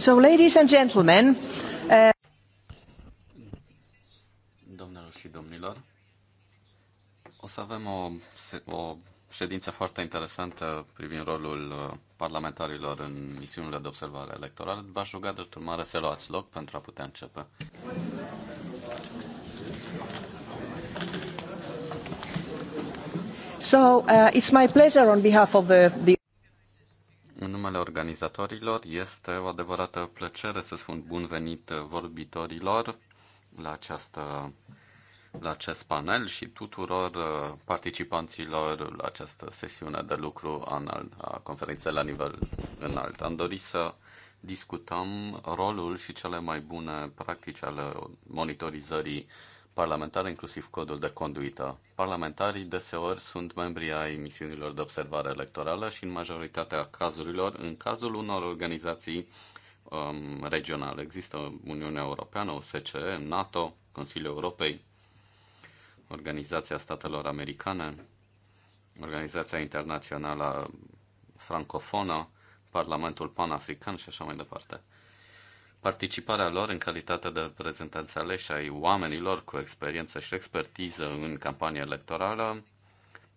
So, ladies and gentlemen, uh... Domnilor și domnilor, o să avem o, o ședință foarte interesantă privind rolul uh, parlamentarilor în misiunile de observare electorală. V-aș ruga, dreptul mare să luați loc pentru a putea începe. So, uh, it's my pleasure on behalf of the, the numele organizatorilor. Este o adevărată plăcere să spun bun venit vorbitorilor la, această, la acest panel și tuturor uh, participanților la această sesiune de lucru anal, a conferinței la nivel înalt. Am dorit să discutăm rolul și cele mai bune practici ale monitorizării Parlamentar inclusiv codul de conduită. Parlamentarii deseori sunt membri ai misiunilor de observare electorală și în majoritatea cazurilor, în cazul unor organizații um, regionale. Există Uniunea Europeană, OSCE, NATO, Consiliul Europei, Organizația Statelor Americane, Organizația Internațională Francofonă, Parlamentul Panafrican și așa mai departe participarea lor în calitate de reprezentanți aleși ai oamenilor cu experiență și expertiză în campania electorală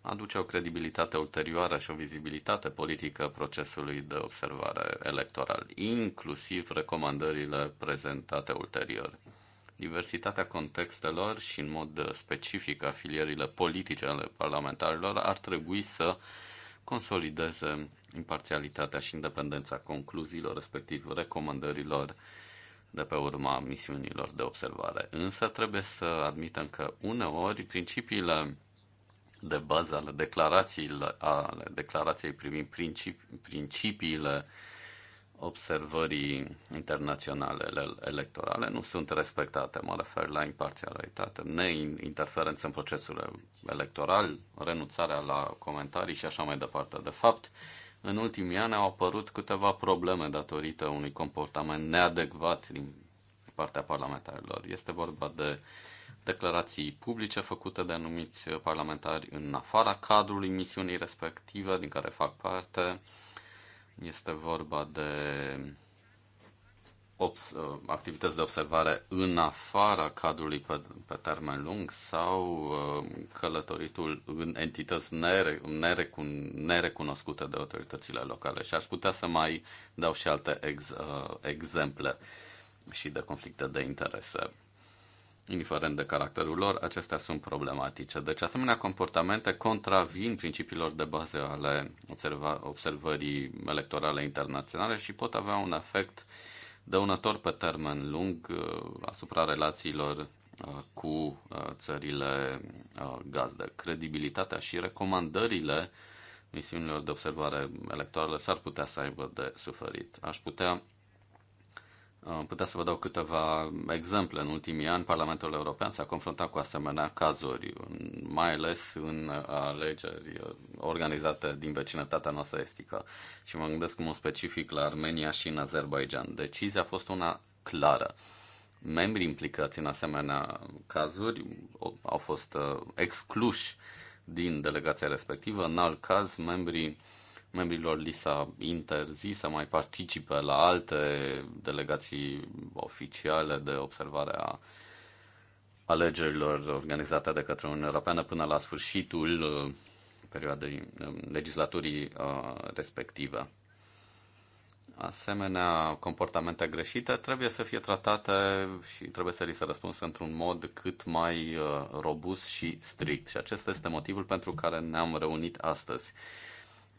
aduce o credibilitate ulterioară și o vizibilitate politică procesului de observare electoral, inclusiv recomandările prezentate ulterior. Diversitatea contextelor și, în mod specific, afilierile politice ale parlamentarilor ar trebui să consolideze imparțialitatea și independența concluziilor, respectiv recomandărilor de pe urma misiunilor de observare. Însă trebuie să admitem că uneori principiile de bază ale declarațiilor, ale declarației privind principi, principiile observării internaționale electorale nu sunt respectate. Mă refer la imparțialitate, neinterferență în procesul electoral, renunțarea la comentarii și așa mai departe. De fapt, uh, în ultimii ani au apărut câteva probleme datorită unui comportament neadecvat din partea parlamentarilor. Este vorba de declarații publice făcute de anumiți parlamentari în afara cadrului misiunii respective din care fac parte. Este vorba de activități de observare în afara cadrului pe, pe termen lung sau uh, călătoritul în entități nere, nerecun, nerecunoscute de autoritățile locale. Și aș putea să mai dau și alte ex, uh, exemple și de conflicte de interese. Indiferent de caracterul lor, acestea sunt problematice. Deci, asemenea comportamente contravin principiilor de bază ale observa- observării electorale internaționale și pot avea un efect uh, dăunător pe termen lung uh, asupra relațiilor uh, cu uh, țările gazdă. Credibilitatea și recomandările misiunilor de observare electorală s-ar putea să aibă de suferit. Aș putea Uh, puteți să vă dau câteva exemple. În ultimii ani, Parlamentul European s-a confruntat cu asemenea cazuri, mai ales în alegeri uh, organizate din vecinătatea noastră estică. Și mă gândesc în mod specific la Armenia și în Azerbaijan. Decizia a fost una clară. Membrii implicați în asemenea cazuri au fost uh, excluși din delegația respectivă. În alt caz, membrii membrilor li s-a interzis să mai participe la alte delegații oficiale de observare a alegerilor organizate de către Uniunea Europeană până la sfârșitul uh, perioadei uh, legislaturii uh, respective. Asemenea, comportamente greșite trebuie să fie tratate și trebuie să li se răspuns într-un mod cât mai robust și strict. Și acesta este motivul pentru care ne-am reunit astăzi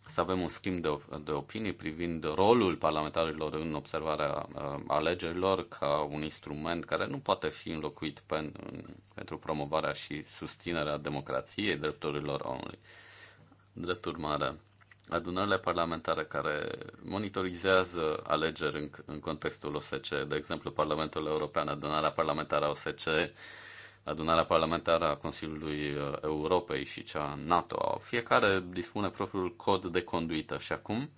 să avem un schimb de, de opinii privind rolul parlamentarilor în observarea uh, alegerilor ca un instrument care nu poate fi înlocuit pen, pentru promovarea și susținerea democrației, drepturilor omului. Drept urmare, adunările parlamentare care monitorizează alegeri în, în contextul OSCE, de exemplu Parlamentul European, adunarea parlamentară a OSCE, adunarea parlamentară a Consiliului uh, Europei și cea NATO. Fiecare dispune propriul cod de conduită și acum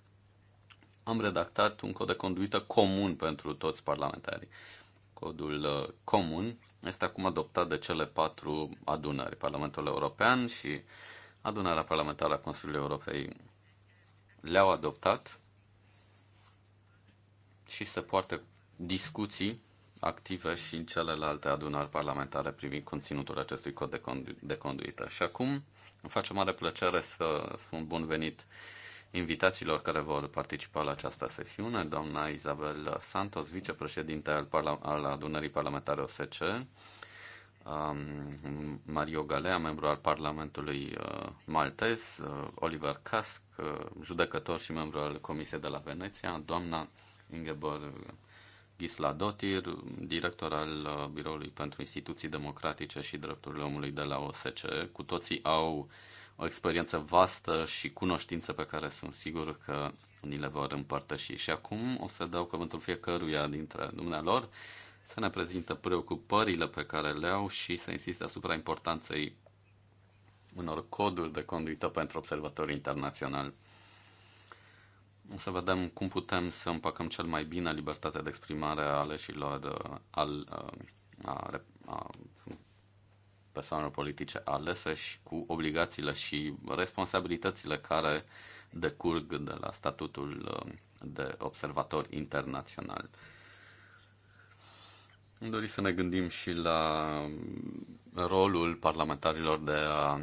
am redactat un cod de conduită comun pentru toți parlamentarii. Codul uh, comun este acum adoptat de cele patru adunări, Parlamentul European și adunarea parlamentară a Consiliului Europei le-au adoptat și se poartă discuții active și în celelalte adunări parlamentare privind conținutul acestui cod de, condu- de conduită. Și acum îmi face mare plăcere să spun bun venit invitațiilor care vor participa la această sesiune, doamna Isabel Santos, vicepreședinte al, parla- al adunării parlamentare OSC, um, Mario Galea, membru al Parlamentului uh, maltez, uh, Oliver Casc, uh, judecător și membru al Comisiei de la Veneția, doamna Ingeborg Ghisla Dotir, director al uh, Biroului pentru Instituții Democratice și Drepturile Omului de la OSCE. Cu toții au o experiență vastă și cunoștință pe care sunt sigur că ni le vor împărtăși. Și acum o să dau cuvântul fiecăruia dintre dumnealor să ne prezintă preocupările pe care le au și să insiste asupra importanței unor coduri de conduită pentru observatorii internaționali să vedem cum putem să împăcăm cel mai bine libertatea de exprimare a aleșilor, uh, al, uh, a, a persoanelor politice alese și cu obligațiile și responsabilitățile care decurg de la statutul uh, de observator internațional. Îmi dori să ne gândim și la rolul parlamentarilor de a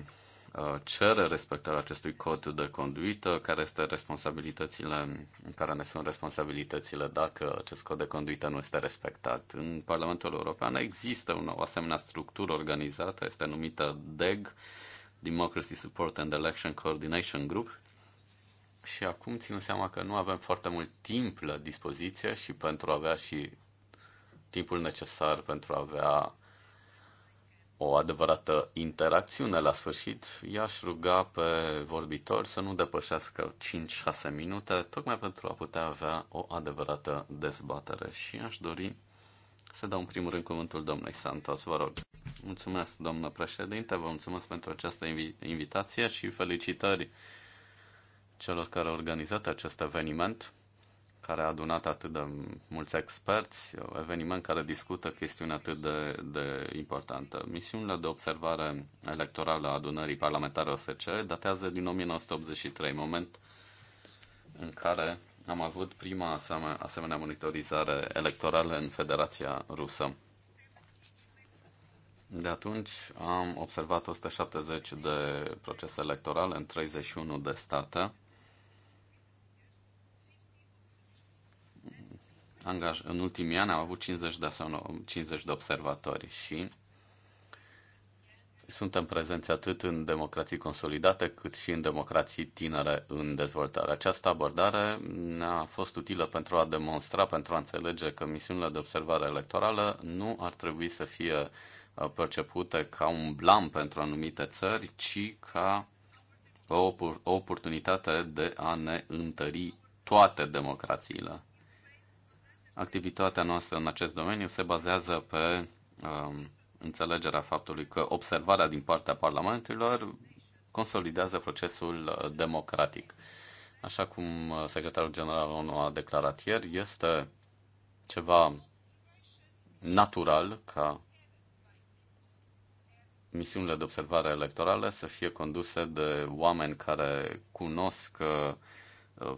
Uh, cere respectarea acestui cod de conduită, care este responsabilitățile, care ne sunt responsabilitățile dacă acest cod de conduită nu este respectat. În Parlamentul European există o asemenea structură organizată, este numită DEG, Democracy Support and Election Coordination Group, și acum ținem seama că nu avem foarte mult timp la dispoziție și pentru a avea și timpul necesar pentru a avea o adevărată interacțiune la sfârșit, i-aș ruga pe vorbitori să nu depășească 5-6 minute, tocmai pentru a putea avea o adevărată dezbatere. Și aș dori să dau în primul rând cuvântul domnului Santos, vă rog. Mulțumesc, domnule președinte, vă mulțumesc pentru această invitație și felicitări celor care au organizat acest eveniment care a adunat atât de mulți experți, eveniment care discută chestiuni atât de, de importantă. Misiunile de observare electorală a adunării parlamentare OSCE datează din 1983, moment în care am avut prima asemenea monitorizare electorală în Federația Rusă. De atunci am observat 170 de procese electorale în 31 de state angaj, în ultimii ani am avut 50 de, sau 50 de observatori și suntem prezenți atât în democrații consolidate cât și în democrații tinere în dezvoltare. Această abordare ne-a fost utilă pentru a demonstra, pentru a înțelege că misiunile de observare electorală nu ar trebui să fie uh, percepute ca un blam pentru anumite țări, ci ca o, o oportunitate de a ne întări toate democrațiile. Activitatea noastră în acest domeniu se bazează pe um, înțelegerea faptului că observarea din partea parlamentelor consolidează procesul uh, democratic. Așa cum uh, secretarul general ONU a declarat ieri, este ceva natural ca misiunile de observare electorale să fie conduse de oameni care cunosc uh,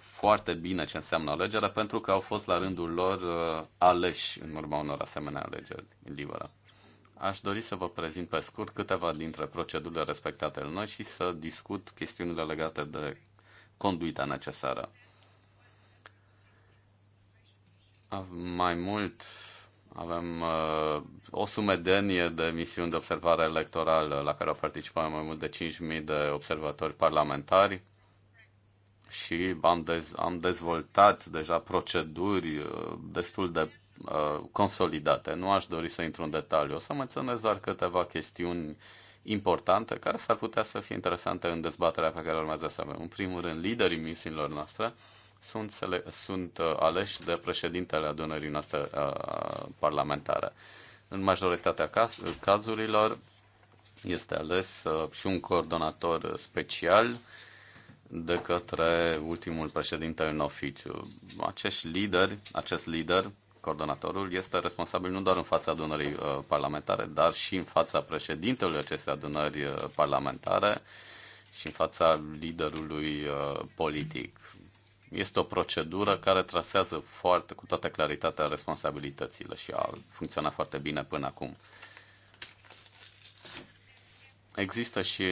foarte bine ce înseamnă alegerea, pentru că au fost la rândul lor uh, aleși în urma unor asemenea alegeri libere. Aș dori să vă prezint pe scurt câteva dintre procedurile respectate în noi și să discut chestiunile legate de conduita necesară. Mai mult, avem uh, o sumedenie de misiuni de observare electorală la care au participat mai mult de 5.000 de observatori parlamentari și am, dez, am dezvoltat deja proceduri uh, destul de uh, consolidate. Nu aș dori să intru în detaliu. O să menționez doar câteva chestiuni importante care s-ar putea să fie interesante în dezbaterea pe care urmează să avem. În primul rând, liderii misiunilor noastre sunt, sunt uh, aleși de președintele adunării noastre uh, parlamentare. În majoritatea caz, cazurilor este ales uh, și un coordonator special de către ultimul președinte în oficiu. acest lider, acest lider, coordonatorul, este responsabil nu doar în fața adunării uh, parlamentare, dar și în fața președintelui acestei adunări uh, parlamentare și în fața liderului uh, politic. Este o procedură care trasează foarte, cu toată claritatea responsabilitățile și a funcționat foarte bine până acum. Există și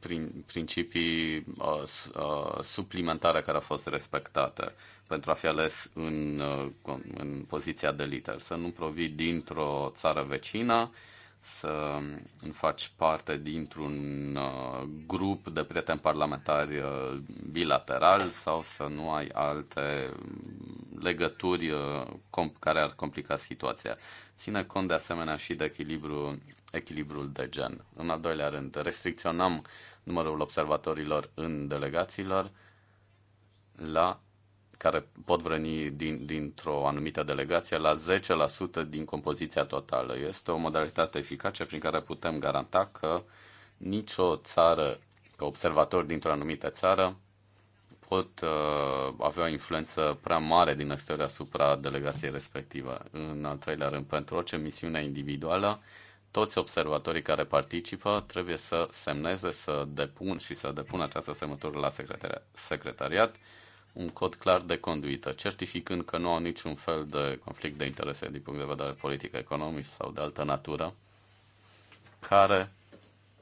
prin, principii uh, uh, suplimentare care au fost respectate pentru a fi ales în, uh, în poziția de lider. Să nu provii dintr-o țară vecină, să faci parte dintr-un uh, grup de prieteni parlamentari uh, bilateral sau să nu ai alte legături uh, care ar complica situația. Ține cont de asemenea și de echilibru echilibrul de gen. În al doilea rând, restricționăm numărul observatorilor în delegațiilor la care pot veni din, dintr-o anumită delegație la 10% din compoziția totală. Este o modalitate eficace prin care putem garanta că nicio țară, că observatori dintr-o anumită țară pot uh, avea o influență prea mare din exterior asupra delegației respective. În al treilea rând, pentru orice misiune individuală, uh, toți observatorii care participă trebuie să semneze, să depun și să depună această semnătură la secretariat un cod clar de conduită, certificând că nu au niciun fel de conflict de interese din punct de vedere politic, economic sau de altă natură, care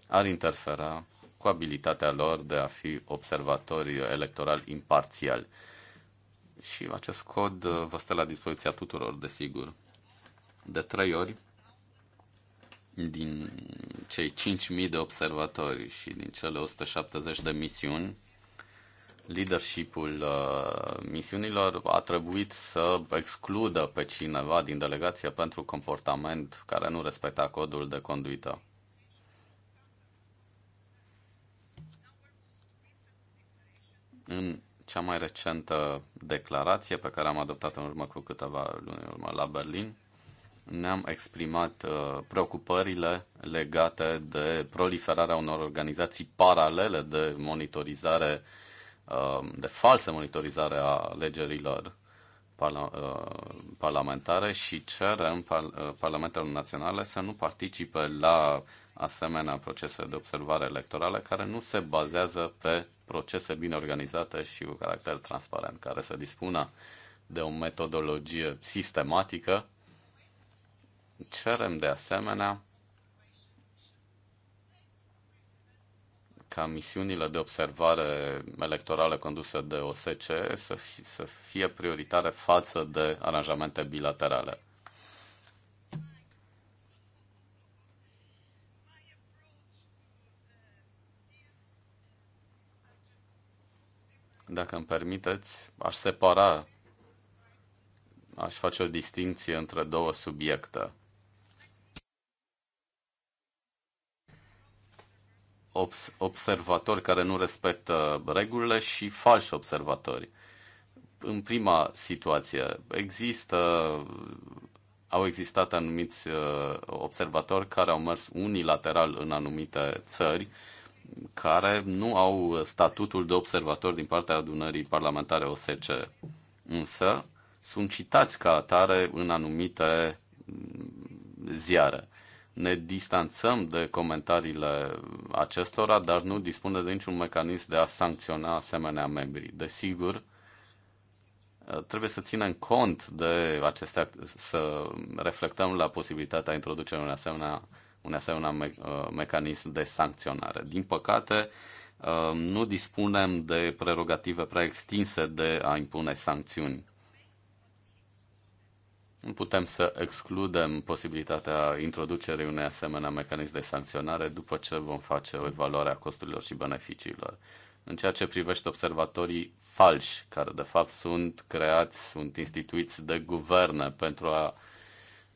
ar interfera cu abilitatea lor de a fi observatori electorali imparțiali. Și acest cod uh, vă stă la dispoziția tuturor, desigur. De trei ori, din cei 5.000 de observatori și din cele 170 de misiuni, leadershipul uh, misiunilor a trebuit să excludă pe cineva din delegație pentru comportament care nu respecta codul de conduită. În cea mai recentă declarație pe care am adoptat-o în urmă cu câteva luni urmă la Berlin, ne-am exprimat uh, preocupările legate de proliferarea unor organizații paralele de monitorizare, uh, de falsă monitorizare a alegerilor parla- uh, parlamentare și cerem par- uh, Parlamentelor Naționale să nu participe la asemenea procese de observare electorală care nu se bazează pe procese bine organizate și cu caracter transparent, care să dispună de o metodologie sistematică Cerem de asemenea ca misiunile de observare electorale conduse de OSCE să, fi, să fie prioritare față de aranjamente bilaterale. Dacă îmi permiteți, aș separa, aș face o distinție între două subiecte observatori care nu respectă regulile și falși observatori. În prima situație există, au existat anumiți uh, observatori care au mers unilateral în anumite țări care nu au statutul de observator din partea adunării parlamentare OSCE. Însă sunt citați ca atare în anumite mm, ziare ne distanțăm de comentariile acestora, dar nu dispune de niciun mecanism de a sancționa asemenea membrii. Desigur, trebuie să ținem cont de aceste, să reflectăm la posibilitatea introducerii unui asemenea, un asemenea me, uh, mecanism de sancționare. Din păcate, uh, nu dispunem de prerogative prea extinse de a impune sancțiuni nu putem să excludem posibilitatea introducerii unei asemenea mecanism de sancționare după ce vom face o evaluare a costurilor și beneficiilor. În ceea ce privește observatorii falși, care de fapt sunt creați, sunt instituiți de guverne pentru a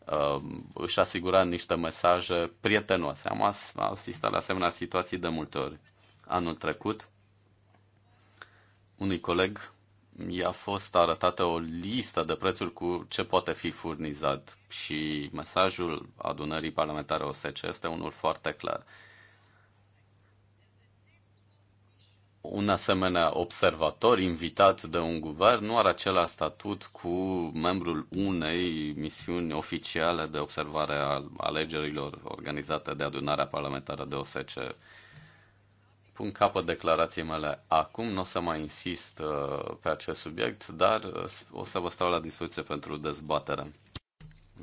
uh, își asigura niște mesaje prietenoase. Am asistat la asemenea situații de multe ori. Anul trecut, unui coleg i-a fost arătată o listă de prețuri cu ce poate fi furnizat și mesajul adunării parlamentare OSC este unul foarte clar. un asemenea observator invitat de un guvern nu are același statut cu membrul unei misiuni oficiale de observare a alegerilor organizate de adunarea parlamentară de OSCE pun capăt declarației mele acum, nu o să mai insist uh, pe acest subiect, dar uh, o să vă stau la dispoziție pentru dezbatere.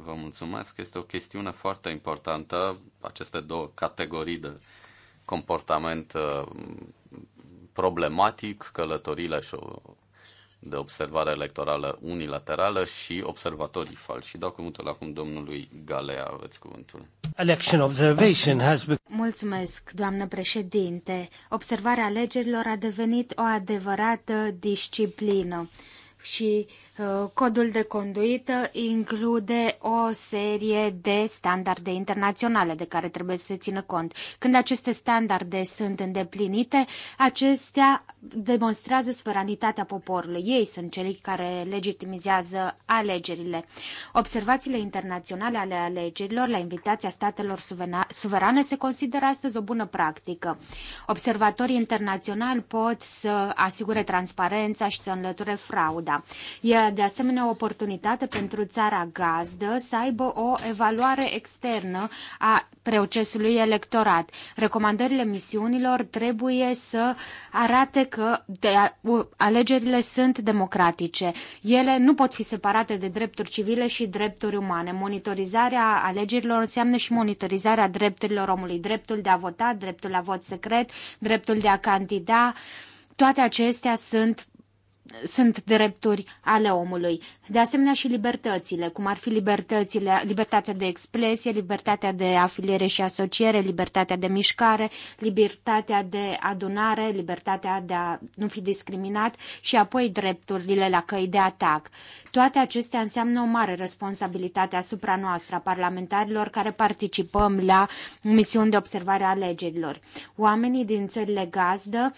Vă mulțumesc, este o chestiune foarte importantă, aceste două categorii de comportament uh, problematic, călătorile și de observare electorală unilaterală și observatorii falși. Și dau cuvântul acum domnului Galea, aveți cuvântul. Election observation has Mulțumesc, doamnă președinte. Observarea alegerilor a devenit o adevărată disciplină și uh, codul de conduită include o serie de standarde internaționale de care trebuie să se țină cont. Când aceste standarde sunt îndeplinite, acestea demonstrează suveranitatea poporului. Ei sunt cei care legitimizează alegerile. Observațiile internaționale ale alegerilor la invitația statelor suverane se consideră astăzi o bună practică. Observatorii internaționali pot să asigure transparența și să înlăture frauda. E de asemenea o oportunitate pentru țara gazdă să aibă o evaluare externă a procesului electorat. Recomandările misiunilor trebuie să arate că de, alegerile sunt democratice. Ele nu pot fi separate de drepturi civile și drepturi umane. Monitorizarea alegerilor înseamnă și monitorizarea drepturilor omului, dreptul de a vota, dreptul la vot secret, dreptul de a candida. Toate acestea sunt sunt drepturi ale omului. De asemenea și libertățile, cum ar fi libertățile, libertatea de expresie, libertatea de afiliere și asociere, libertatea de mișcare, libertatea de adunare, libertatea de a nu fi discriminat și apoi drepturile la căi de atac. Toate acestea înseamnă o mare responsabilitate asupra noastră, a parlamentarilor care participăm la misiuni de observare a alegerilor. Oamenii din țările gazdă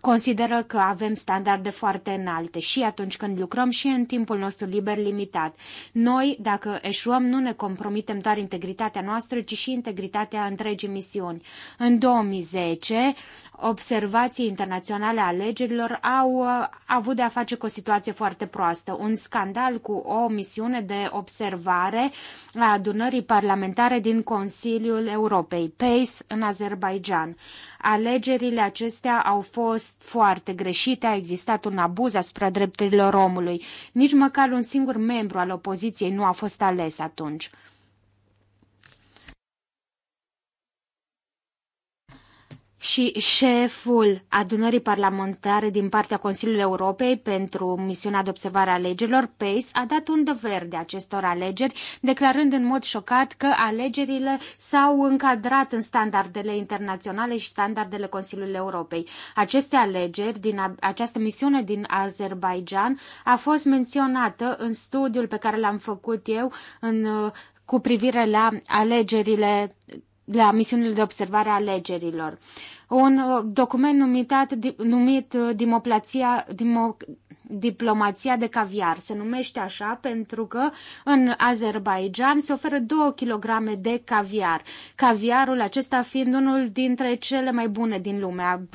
consideră că avem standarde foarte înalte și atunci când lucrăm și în timpul nostru liber limitat. Noi, dacă eșuăm, nu ne compromitem doar integritatea noastră, ci și integritatea întregii misiuni. În 2010, observații internaționale a alegerilor au uh, avut de a face cu o situație foarte proastă. Un scandal cu o misiune de observare a adunării parlamentare din Consiliul Europei, PACE, în Azerbaijan. Alegerile acestea au fost foarte greșite, a existat un abuz asupra drepturilor omului. Nici măcar un singur membru al opoziției nu a fost ales atunci. și șeful adunării parlamentare din partea Consiliului Europei pentru misiunea de observare a alegerilor, PACE, a dat undă verde acestor alegeri, declarând în mod șocat că alegerile s-au încadrat în standardele internaționale și standardele Consiliului Europei. Aceste alegeri din această misiune din Azerbaijan a fost menționată în studiul pe care l-am făcut eu în cu privire la alegerile la misiunile de observare a alegerilor. Un uh, document numitat, numit uh, Dimoplația, Dimo, diplomația de caviar. Se numește așa pentru că în Azerbaijan se oferă 2 kg de caviar. Caviarul acesta fiind unul dintre cele mai bune din lume,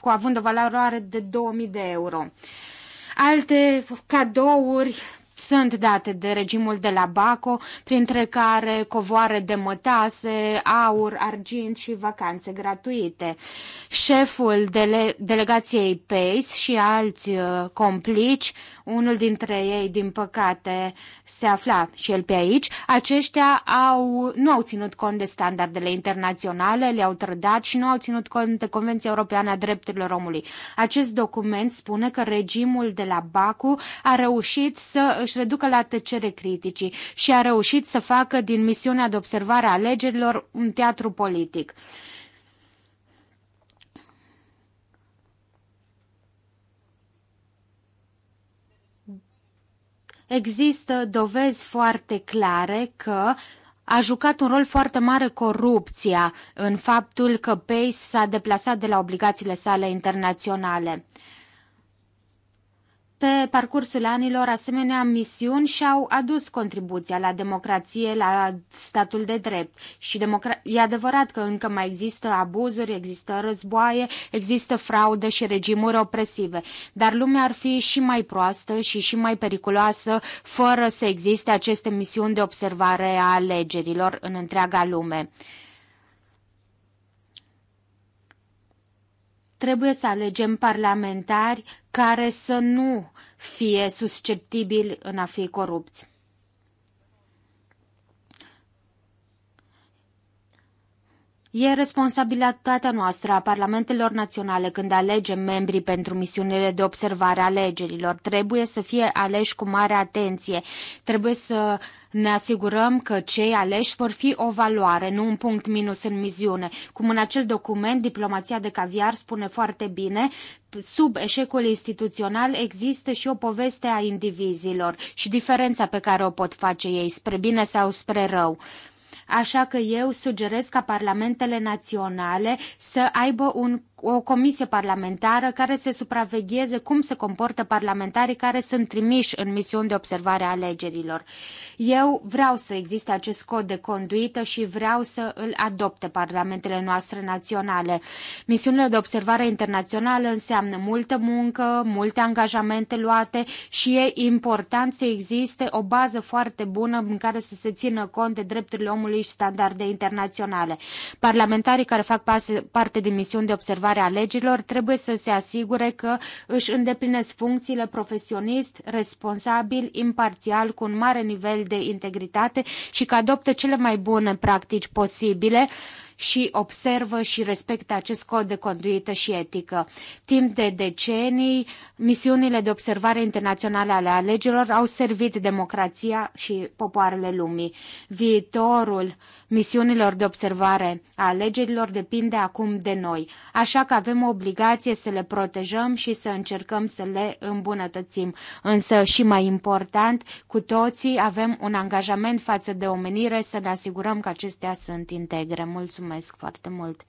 cu având o valoare de 2000 de euro. Alte cadouri sunt date de regimul de la Baco, printre care covoare de mătase, aur, argint și vacanțe gratuite. Șeful dele- delegației PACE și alți uh, complici, unul dintre ei, din păcate, se afla și el pe aici, aceștia au, nu au ținut cont de standardele internaționale, le-au trădat și nu au ținut cont de Convenția Europeană a Drepturilor Omului. Acest document spune că regimul de la Baku a reușit să își reducă la tăcere criticii și a reușit să facă din misiunea de observare a alegerilor un teatru politic. Există dovezi foarte clare că a jucat un rol foarte mare corupția în faptul că Pace s-a deplasat de la obligațiile sale internaționale. Pe parcursul anilor, asemenea misiuni și-au adus contribuția la democrație, la statul de drept. Și democra- e adevărat că încă mai există abuzuri, există războaie, există fraudă și regimuri opresive. Dar lumea ar fi și mai proastă și și mai periculoasă fără să existe aceste misiuni de observare a alegerilor în întreaga lume. Trebuie să alegem parlamentari care să nu fie susceptibili în a fi corupți. E responsabilitatea noastră a parlamentelor naționale când alegem membrii pentru misiunile de observare alegerilor. Trebuie să fie aleși cu mare atenție. Trebuie să ne asigurăm că cei aleși vor fi o valoare, nu un punct minus în misiune. Cum în acel document, diplomația de caviar spune foarte bine, sub eșecul instituțional există și o poveste a indivizilor și diferența pe care o pot face ei, spre bine sau spre rău. Așa că eu sugerez ca parlamentele naționale să aibă un, o comisie parlamentară care să supravegheze cum se comportă parlamentarii care sunt trimiși în misiuni de observare a alegerilor. Eu vreau să existe acest cod de conduită și vreau să îl adopte parlamentele noastre naționale. Misiunile de observare internațională înseamnă multă muncă, multe angajamente luate și e important să existe o bază foarte bună în care să se țină cont de drepturile omului reguli și standarde internaționale. Parlamentarii care fac parte din misiuni de observare a legilor trebuie să se asigure că își îndeplinesc funcțiile profesionist, responsabil, imparțial, cu un mare nivel de integritate și că adoptă cele mai bune practici posibile și observă și respectă acest cod de conduită și etică. Timp de decenii, misiunile de observare internaționale ale alegerilor au servit democrația și popoarele lumii. Viitorul uh, misiunilor de observare a alegerilor depinde acum de noi, așa că avem o obligație să le protejăm și să încercăm să le îmbunătățim. Însă și mai important, cu toții avem un angajament față de omenire să ne asigurăm că acestea sunt integre. Mulțumesc foarte mult!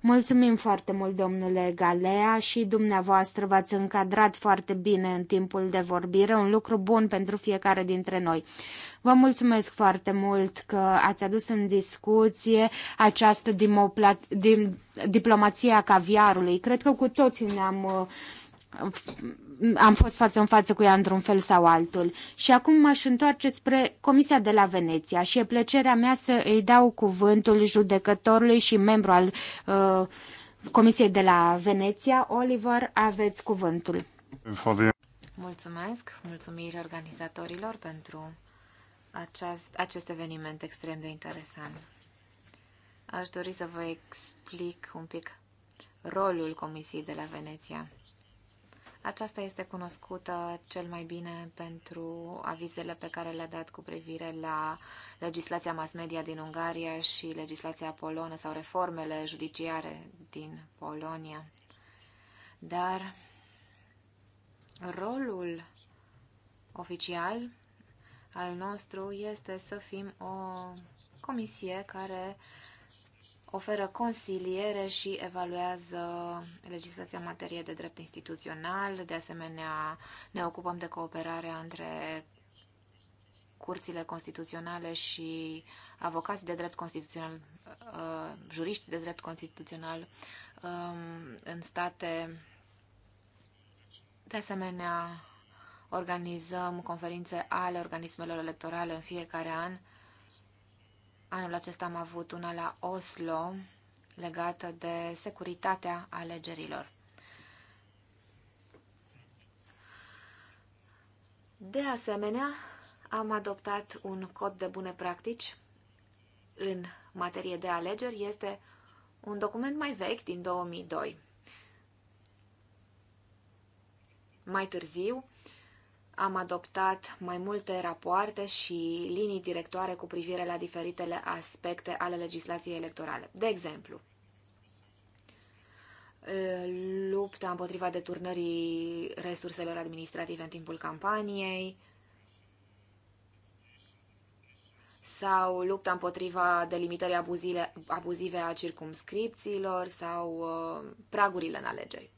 Mulțumim foarte mult, domnule Galea, și dumneavoastră v-ați încadrat foarte bine în timpul de vorbire, un lucru bun pentru fiecare dintre noi. Vă mulțumesc foarte mult că ați adus în discuție această dimopla... dim... diplomație a caviarului. Cred că cu toții ne-am uh, am fost față în față cu ea într-un fel sau altul. Și acum m-aș întoarce spre Comisia de la Veneția și e plăcerea mea să îi dau cuvântul judecătorului și membru al uh, Comisiei de la Veneția. Oliver, aveți cuvântul. Mulțumesc, mulțumiri organizatorilor pentru aceast, acest eveniment extrem de interesant. Aș dori să vă explic un pic rolul Comisiei de la Veneția. Aceasta este cunoscută cel mai bine pentru avizele pe care le-a dat cu privire la legislația mass media din Ungaria și legislația polonă sau reformele judiciare din Polonia. Dar rolul oficial al nostru este să fim o comisie care uh, oferă consiliere și evaluează legislația în materie de drept instituțional. De asemenea, ne ocupăm de cooperarea între curțile constituționale și avocații de drept constituțional, uh, juriști de drept constituțional um, în state. De asemenea, organizăm conferințe ale organismelor electorale în fiecare an Anul acesta am avut una la Oslo legată de securitatea alegerilor. De asemenea, am adoptat un cod de bune practici în materie de alegeri. Este un document mai vechi din 2002. Mai târziu am adoptat mai multe rapoarte și linii directoare cu privire la diferitele aspecte ale legislației electorale. De exemplu, lupta împotriva deturnării resurselor administrative în timpul campaniei sau lupta împotriva delimitării abuzile, abuzive a circumscripțiilor sau uh, pragurile în alegeri.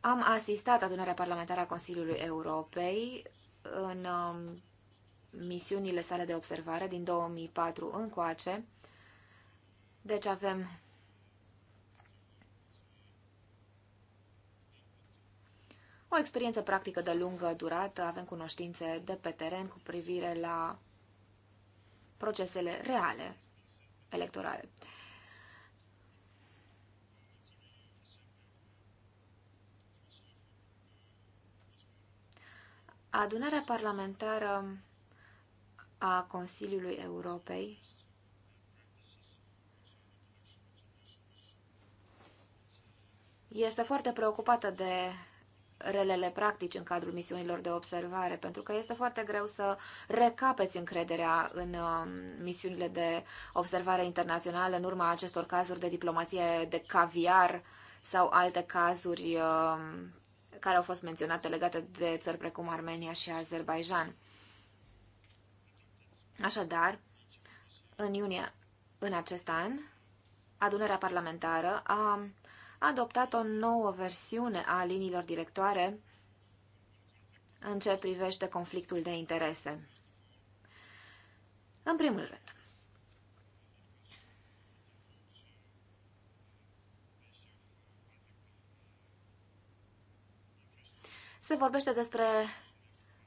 Am asistat adunarea parlamentară a Consiliului Europei în um, misiunile sale de observare din 2004 încoace. Deci avem o experiență practică de lungă durată, avem cunoștințe de pe teren cu privire la procesele reale electorale. Adunarea parlamentară a Consiliului Europei este foarte preocupată de relele practici în cadrul misiunilor de observare, pentru că este foarte greu să recapeți încrederea în um, misiunile de observare internațională în urma acestor cazuri de diplomație de caviar sau alte cazuri um, care au fost menționate legate de țări precum Armenia și Azerbaijan. Așadar, în iunie în acest an, adunarea parlamentară a adoptat o nouă versiune a liniilor directoare în ce privește conflictul de interese. În primul rând, Se vorbește despre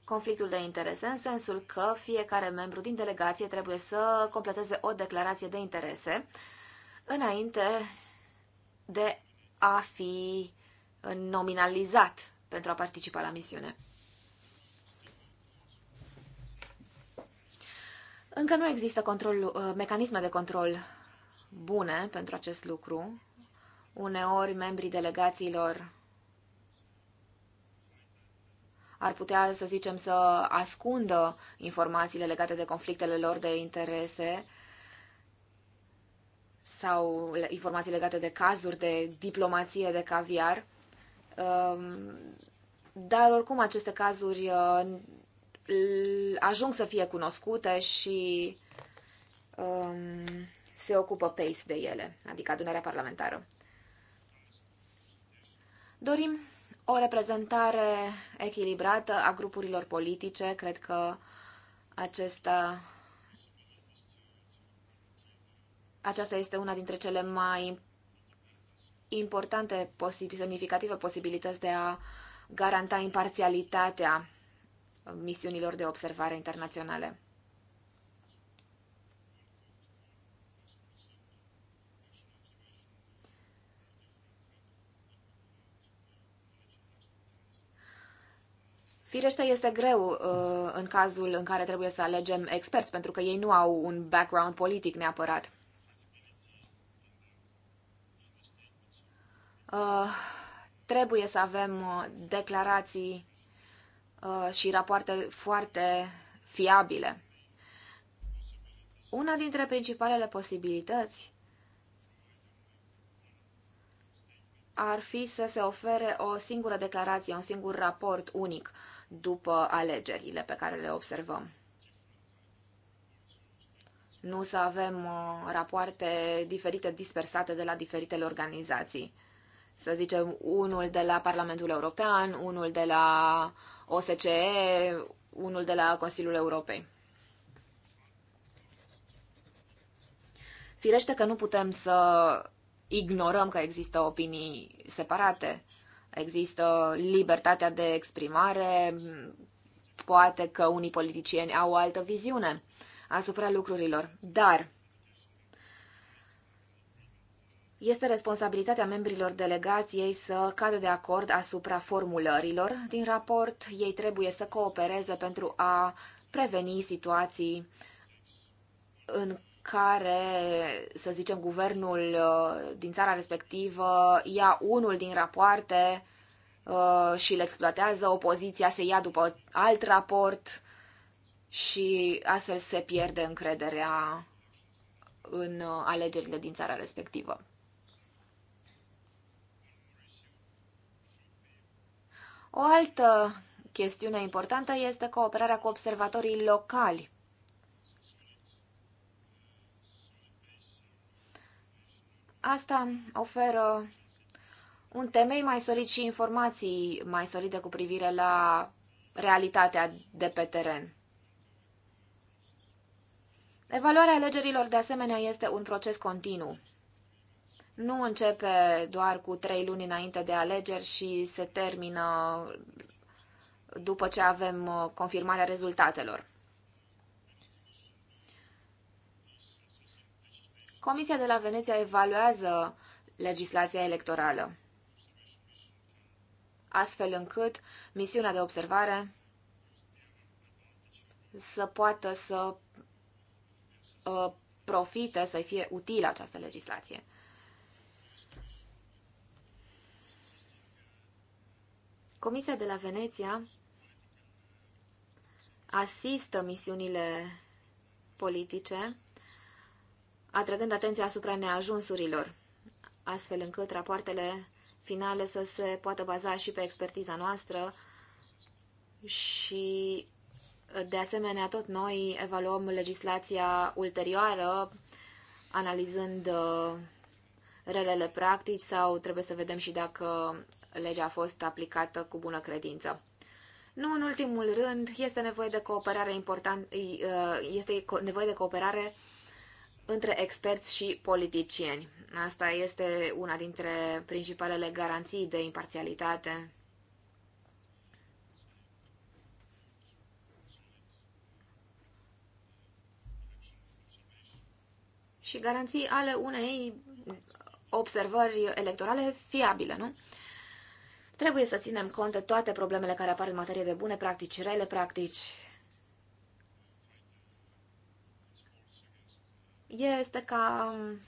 conflictul de interese, în sensul că fiecare membru din delegație trebuie să completeze o declarație de interese înainte de a fi nominalizat pentru a participa la misiune. Încă nu există control, uh, mecanisme de control bune pentru acest lucru. Uneori, membrii delegațiilor ar putea, să zicem, să ascundă informațiile legate de conflictele lor de interese sau informații legate de cazuri de diplomație de caviar. Um, dar oricum aceste cazuri uh, ajung să fie cunoscute și um, se ocupă PACE de ele, adică adunarea parlamentară. Dorim o reprezentare echilibrată a grupurilor politice. Cred că acesta, aceasta este una dintre cele mai importante, posibil, semnificative posibilități de a garanta imparțialitatea misiunilor de observare internaționale. Firește, este greu uh, în cazul în care trebuie să alegem experți, pentru că ei nu au un background politic neapărat. Uh, trebuie să avem uh, declarații uh, și rapoarte foarte fiabile. Una dintre principalele posibilități ar fi să se ofere o singură declarație, un singur raport unic după alegerile pe care le observăm. Nu să avem uh, rapoarte diferite, dispersate de la diferitele organizații. Să zicem, unul de la Parlamentul European, unul de la OSCE, unul de la Consiliul Europei. Firește că nu putem să ignorăm că există opinii separate. Există libertatea de exprimare, poate că unii politicieni au o altă viziune asupra lucrurilor, dar este responsabilitatea membrilor delegației să cadă de acord asupra formulărilor din raport. Ei trebuie să coopereze pentru a preveni situații în care, să zicem, guvernul uh, din țara respectivă ia unul din rapoarte uh, și îl exploatează, opoziția se ia după alt raport și astfel se pierde încrederea în uh, alegerile din țara respectivă. O altă chestiune importantă este cooperarea cu observatorii locali Asta oferă un temei mai solid și informații mai solide cu privire la realitatea de pe teren. Evaluarea alegerilor, de asemenea, este un proces continuu. Nu începe doar cu trei luni înainte de alegeri și se termină după ce avem uh, confirmarea rezultatelor. Comisia de la Veneția evaluează legislația electorală, astfel încât misiunea de observare să poată să uh, profite, să fie utilă această legislație. Comisia de la Veneția asistă misiunile politice atrăgând atenția asupra neajunsurilor, astfel încât rapoartele finale să se poată baza și pe expertiza noastră și de asemenea tot noi evaluăm legislația ulterioară analizând uh, relele practici sau trebuie să vedem și dacă legea a fost aplicată cu bună credință. Nu în ultimul rând, este nevoie de cooperare important, uh, este nevoie de cooperare între experți și politicieni. Asta este una dintre principalele garanții de imparțialitate. Și garanții ale unei observări electorale fiabile, nu? Trebuie să ținem cont de toate problemele care apar în materie de bune practici, rele practici, este ca um,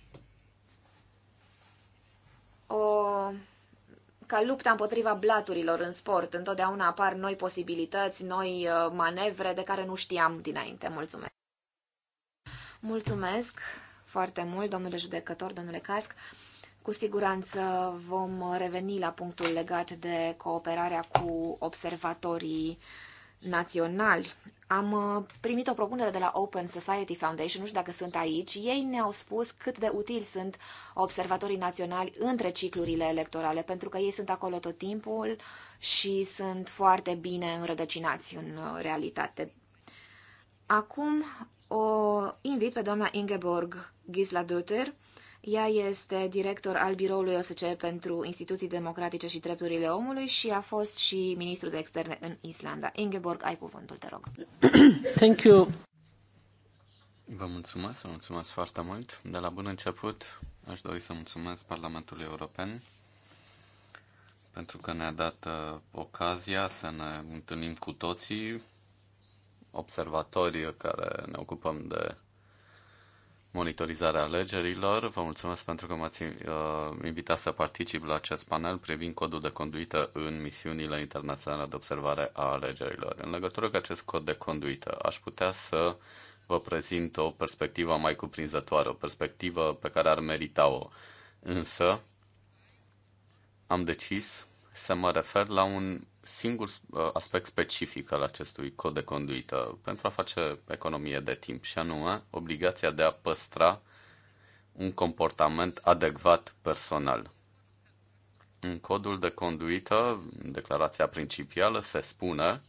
o ca lupta împotriva blaturilor în sport. Întotdeauna apar noi posibilități, noi uh, manevre de care nu știam dinainte. Mulțumesc! Mulțumesc foarte mult, domnule judecător, domnule Casc. Cu siguranță vom reveni la punctul legat de cooperarea cu observatorii naționali. Am uh, primit o propunere de la Open Society Foundation, nu știu dacă sunt aici. Ei ne-au spus cât de utili sunt observatorii naționali între ciclurile electorale, pentru că ei sunt acolo tot timpul și sunt foarte bine înrădăcinați în uh, realitate. Acum o invit pe doamna Ingeborg Gisladötter ea este director al biroului OSCE pentru instituții democratice și drepturile omului și a fost și ministru de externe în Islanda. Ingeborg, ai cuvântul, te rog. Thank you. Vă mulțumesc, vă mulțumesc foarte mult. De la bun început aș dori să mulțumesc Parlamentului European pentru că ne-a dat uh, ocazia să ne întâlnim cu toții, observatorii care ne ocupăm de monitorizarea alegerilor. Vă mulțumesc pentru că m-ați uh, invitat să particip la acest panel privind codul de conduită în misiunile internaționale de observare a alegerilor. În legătură cu acest cod de conduită, aș putea să vă prezint o perspectivă mai cuprinzătoare, o perspectivă pe care ar merita-o. Însă, am decis să mă refer la un singur uh, aspect specific al acestui cod de conduită pentru a face economie de timp, și anume obligația de a păstra un comportament adecvat personal. În codul de conduită, în declarația principală se spune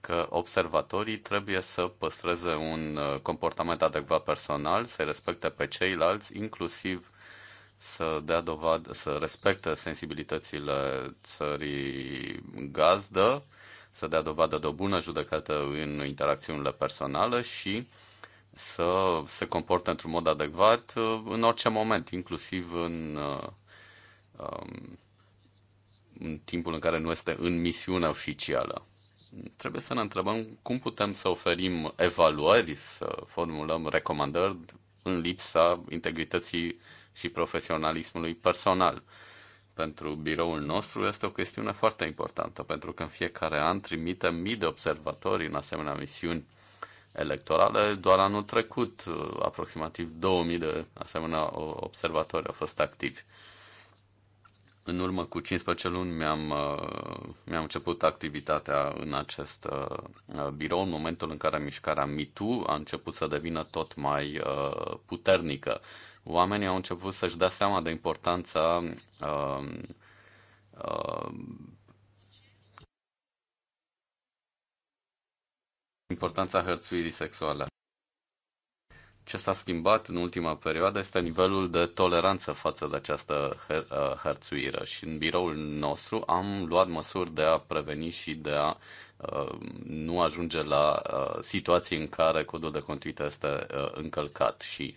că observatorii trebuie să păstreze un uh, comportament adecvat personal, să respecte pe ceilalți, inclusiv să dea dovadă, să respecte sensibilitățile țării gazdă, să dea dovadă de o bună judecată în interacțiunile personale și să se comporte într-un mod adecvat uh, în orice moment, inclusiv în, uh, um, în timpul în care nu este în misiune oficială. Trebuie să ne întrebăm cum putem să oferim evaluări, să formulăm recomandări în lipsa integrității și profesionalismului personal. Pentru biroul nostru este o chestiune foarte importantă, pentru că în fiecare an trimitem mii de observatori în asemenea misiuni electorale. Doar anul trecut, uh, aproximativ 2000 de asemenea uh, observatori au fost activi. În urmă cu 15 luni mi-am, uh, mi-am început activitatea în acest uh, uh, birou, în momentul în care mișcarea MeToo a început să devină tot mai puternică. Oamenii au început să-și dea seama de importanța uh, uh, importanța hărțuirii sexuale. Ce s-a schimbat în ultima perioadă este nivelul de toleranță față de această uh, hărțuire și în biroul nostru am luat măsuri de a preveni și de a uh, nu ajunge la uh, situații în care codul de conduită este încălcat și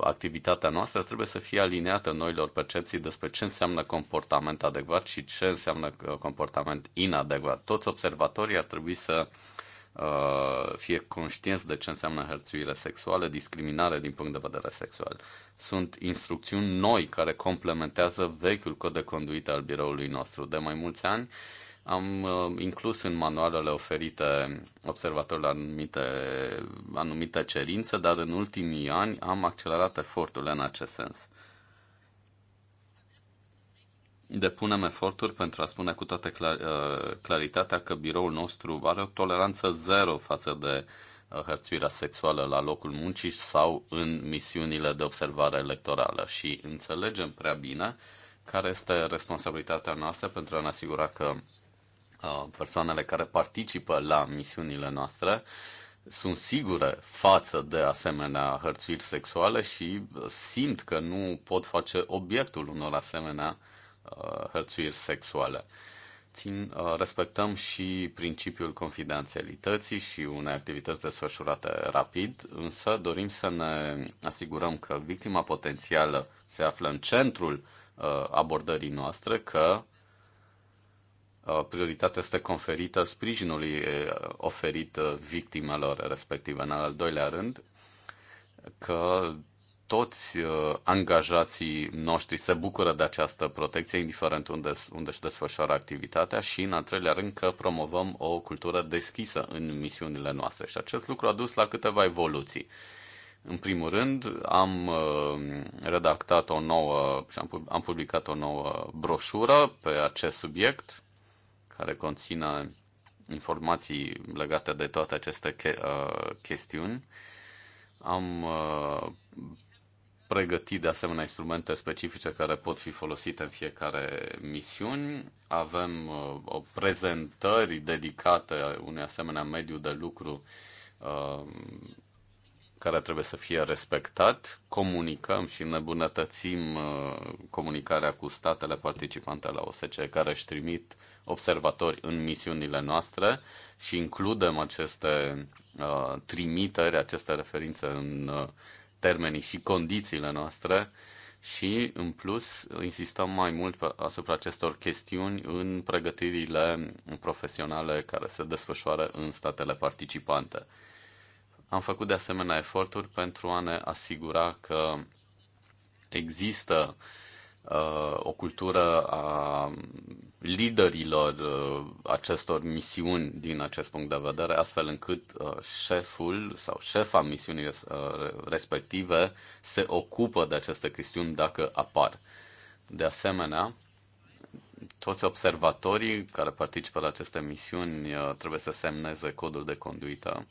activitatea noastră trebuie să fie aliniată noilor percepții despre ce înseamnă comportament adecvat și ce înseamnă comportament inadecvat. Toți observatorii ar trebui să uh, Uh, fie conștienți de ce înseamnă hărțuire sexuală, discriminare din punct de vedere sexual. Sunt instrucțiuni noi care complementează vechiul cod de conduită al biroului nostru. De mai mulți ani am uh, inclus în manualele oferite observatorilor anumite, anumite cerințe, dar în ultimii ani am accelerat eforturile în acest sens depunem eforturi pentru a spune cu toată clar, uh, claritatea că biroul nostru are o toleranță zero față de uh, hărțuirea sexuală la locul muncii sau în misiunile de observare electorală și înțelegem prea bine care este responsabilitatea noastră pentru a ne asigura că uh, persoanele care participă la misiunile noastre sunt sigure față de asemenea hărțuiri sexuale și simt că nu pot face obiectul unor asemenea uh, Uh, hărțuiri sexuale. Țin, uh, respectăm și principiul confidențialității și unei activități desfășurate rapid, însă dorim să ne asigurăm că victima potențială se află în centrul uh, abordării noastre, că prioritatea este conferită sprijinului oferit victimelor respective. În al doilea rând, că toți uh, angajații noștri se bucură de această protecție, indiferent unde, unde își desfășoară activitatea și, în al treilea rând, că promovăm o cultură deschisă în misiunile noastre. Și acest lucru a dus la câteva evoluții. În primul rând, am uh, redactat o nouă și am publicat o nouă broșură pe acest subiect, care conține informații legate de toate aceste uh, chestiuni. Am pregătit de asemenea instrumente specifice care pot fi folosite în fiecare misiuni. Avem uh, o prezentări dedicate unui asemenea mediu de lucru uh, care trebuie să fie respectat. Comunicăm și îmbunătățim uh, comunicarea cu statele participante la OSCE care își trimit observatori în misiunile noastre și includem aceste uh, trimiteri, aceste referințe în uh, termenii și condițiile noastre și, în plus, insistăm mai mult asupra acestor chestiuni în pregătirile profesionale care se desfășoară în statele participante. Am făcut de asemenea eforturi pentru a ne asigura că există uh, Uh, o cultură a liderilor uh, acestor misiuni din acest punct de vedere, astfel încât uh, șeful sau șefa misiunii respective se ocupă de aceste chestiuni dacă apar. De asemenea, toți observatorii care participă la aceste misiuni trebuie să semneze codul de conduită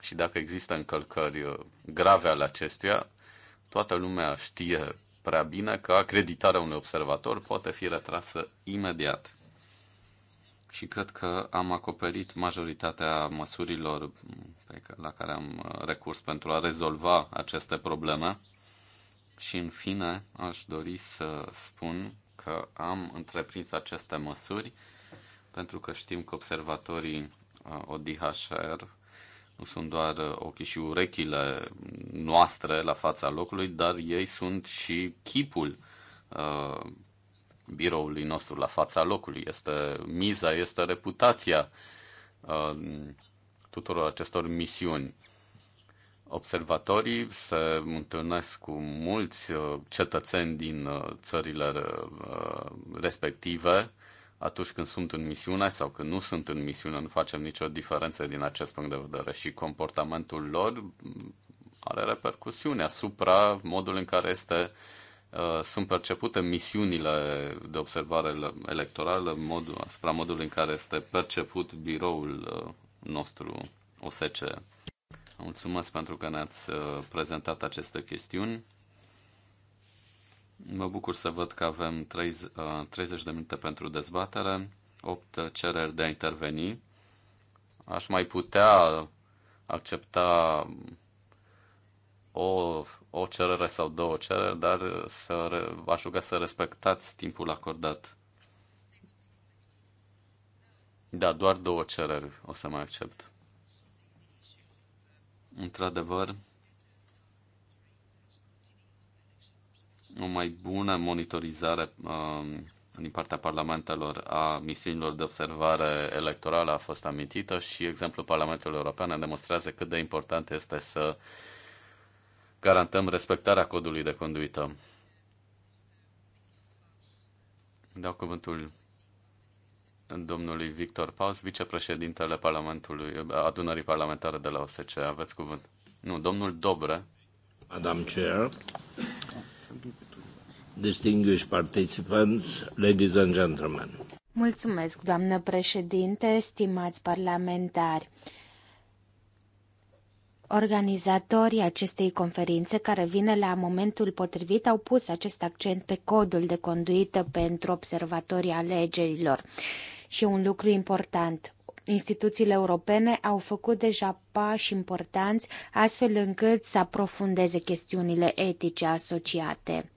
și dacă există încălcări grave ale acestuia, toată lumea știe prea bine că acreditarea unui observator poate fi retrasă imediat. Și cred că am acoperit majoritatea măsurilor pe care, la care am uh, recurs pentru a rezolva aceste probleme. Și în fine, aș dori să spun că am întreprins aceste măsuri pentru că știm că observatorii uh, ODHR nu sunt doar uh, ochii și urechile noastre la fața locului, dar ei sunt și chipul uh, biroului nostru la fața locului. Este miza, este reputația uh, tuturor acestor misiuni. Observatorii se întâlnesc cu mulți uh, cetățeni din uh, țările respective atunci când sunt în misiune sau când nu sunt în misiune, nu facem nicio diferență din acest punct de vedere și comportamentul lor are repercusiuni asupra modului în care este, uh, sunt percepute misiunile de observare electorală, modul, asupra modului în care este perceput biroul uh, nostru OSCE. Mulțumesc pentru că ne-ați uh, prezentat aceste chestiuni. Mă bucur să văd că avem 30, uh, de minute pentru dezbatere, 8 cereri de a interveni. Aș mai putea accepta o, o cerere sau două cereri, dar să, v-aș ruga să respectați timpul acordat. Da, doar două cereri o să mai accept. Într-adevăr, o mai bună monitorizare um, din partea parlamentelor a misiunilor de observare electorală a fost amintită și exemplul Parlamentului European demonstrează cât de important este să garantăm respectarea codului de conduită. Dau cuvântul domnului Victor Paus, vicepreședintele Parlamentului, adunării parlamentare de la OSCE. Aveți cuvânt. Nu, domnul Dobre. Madam Chair, distinguished participants, ladies and gentlemen. Mulțumesc, doamnă președinte, stimați parlamentari. Organizatorii acestei conferințe care vine la momentul potrivit au pus acest accent pe codul de conduită pentru observatorii alegerilor. Și un lucru important, instituțiile europene au făcut deja pași importanți, astfel încât să aprofundeze chestiunile etice asociate.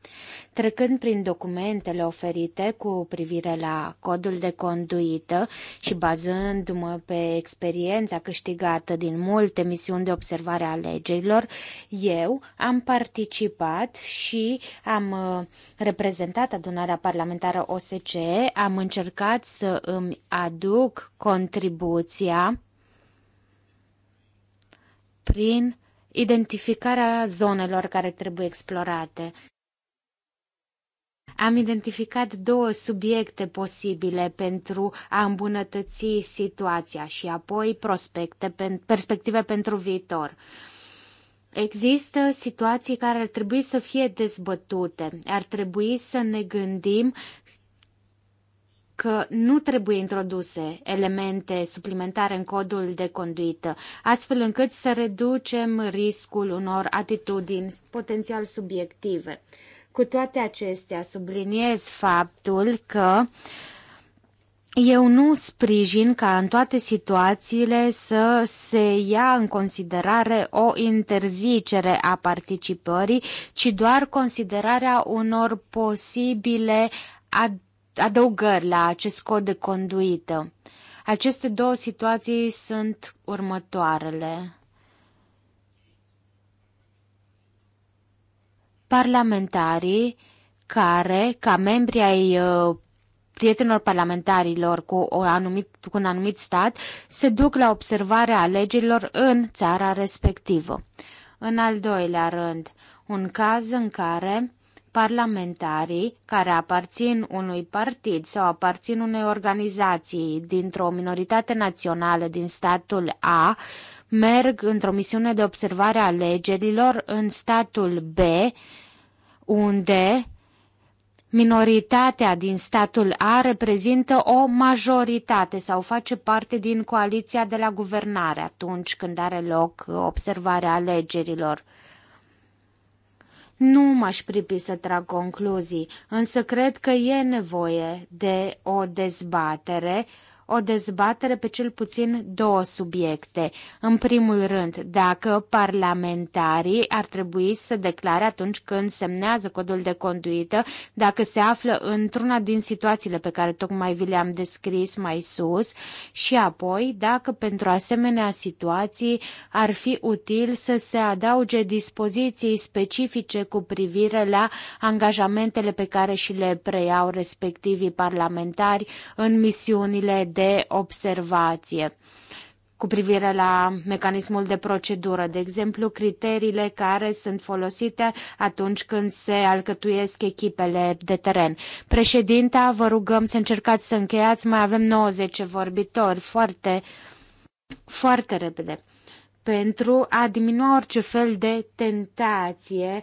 Trecând prin documentele oferite cu privire la codul de conduită și bazându-mă pe experiența câștigată din multe misiuni de observare a legilor, eu am participat și am uh, reprezentat adunarea parlamentară OSCE, am încercat să îmi aduc contribuția prin identificarea zonelor care trebuie explorate. Am identificat două subiecte posibile pentru a îmbunătăți situația și apoi prospecte, perspective pentru viitor. Există situații care ar trebui să fie dezbătute. Ar trebui să ne gândim că nu trebuie introduse elemente suplimentare în codul de conduită, astfel încât să reducem riscul unor atitudini potențial subiective. Cu toate acestea, subliniez faptul că eu nu sprijin ca în toate situațiile să se ia în considerare o interzicere a participării, ci doar considerarea unor posibile ad- adăugări la acest cod de conduită. Aceste două situații sunt următoarele. Parlamentarii care, ca membri ai uh, prietenilor parlamentarilor cu, o anumit, cu un anumit stat, se duc la observarea alegerilor în țara respectivă. În al doilea rând, un caz în care parlamentarii care aparțin unui partid sau aparțin unei organizații dintr-o minoritate națională din statul A merg într-o misiune de observare a alegerilor în statul B, unde minoritatea din statul A reprezintă o majoritate sau face parte din coaliția de la guvernare atunci când are loc observarea alegerilor. Nu m-aș pripi să trag concluzii, însă cred că e nevoie de o dezbatere o dezbatere pe cel puțin două subiecte. În primul rând, dacă parlamentarii ar trebui să declare atunci când semnează codul de conduită, dacă se află într-una din situațiile pe care tocmai vi le-am descris mai sus, și apoi dacă pentru asemenea situații ar fi util să se adauge dispoziții specifice cu privire la angajamentele pe care și le preiau respectivii parlamentari în misiunile de de observație cu privire la mecanismul de procedură, de exemplu, criteriile care sunt folosite atunci când se alcătuiesc echipele de teren. Președinta, vă rugăm să încercați să încheiați, mai avem 90 vorbitori, foarte, foarte repede pentru a diminua orice fel de tentație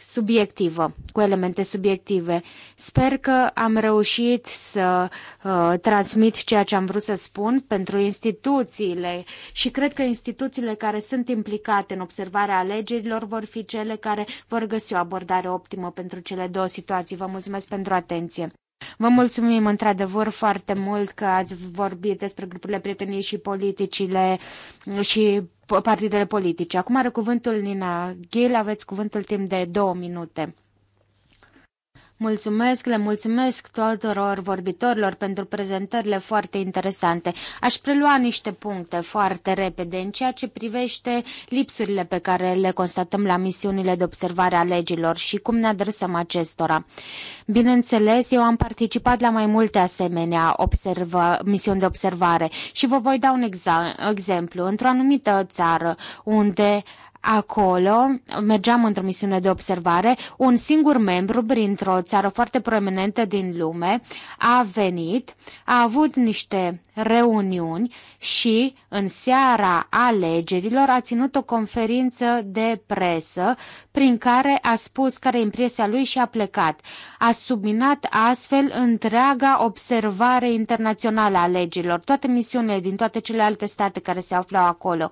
subiectivă, cu elemente subiective. Sper că am reușit să uh, transmit ceea ce am vrut să spun pentru instituțiile și cred că instituțiile care sunt implicate în observarea alegerilor vor fi cele care vor găsi o abordare optimă pentru cele două situații. Vă mulțumesc pentru atenție! Vă mulțumim într-adevăr foarte mult că ați vorbit despre grupurile prietenii și politicile și partidele politice. Acum are cuvântul Nina Ghil, aveți cuvântul timp de două minute. Mulțumesc, le mulțumesc tuturor vorbitorilor pentru prezentările foarte interesante. Aș prelua niște puncte foarte repede în ceea ce privește lipsurile pe care le constatăm la misiunile de observare a legilor și cum ne adresăm acestora. Bineînțeles, eu am participat la mai multe asemenea observa, misiuni de observare și vă voi da un exemplu. Într-o anumită țară unde uh, acolo, mergeam într-o misiune de observare, un singur membru printr-o țară foarte proeminentă din lume a venit, a avut niște reuniuni și în seara alegerilor a ținut o conferință de presă prin care a spus care impresia lui și a plecat. A subminat astfel întreaga observare internațională a legilor, toate misiunile din toate celelalte state care se aflau acolo.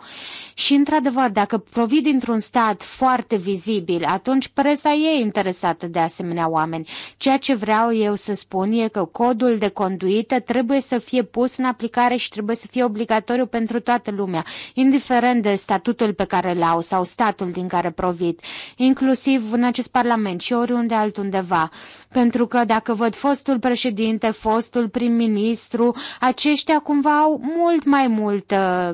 Și, într-adevăr, dacă provii dintr-un stat foarte vizibil, atunci presa e interesată de asemenea oameni. Ceea ce vreau eu să spun e că codul de conduită trebuie să fie pus în aplicare și trebuie să fie obligatoriu pentru toată lumea, indiferent de statutul pe care l-au sau statul din care provit inclusiv în acest parlament și oriunde altundeva. Pentru că dacă văd fostul președinte, fostul prim-ministru, aceștia cumva au mult mai mult, uh,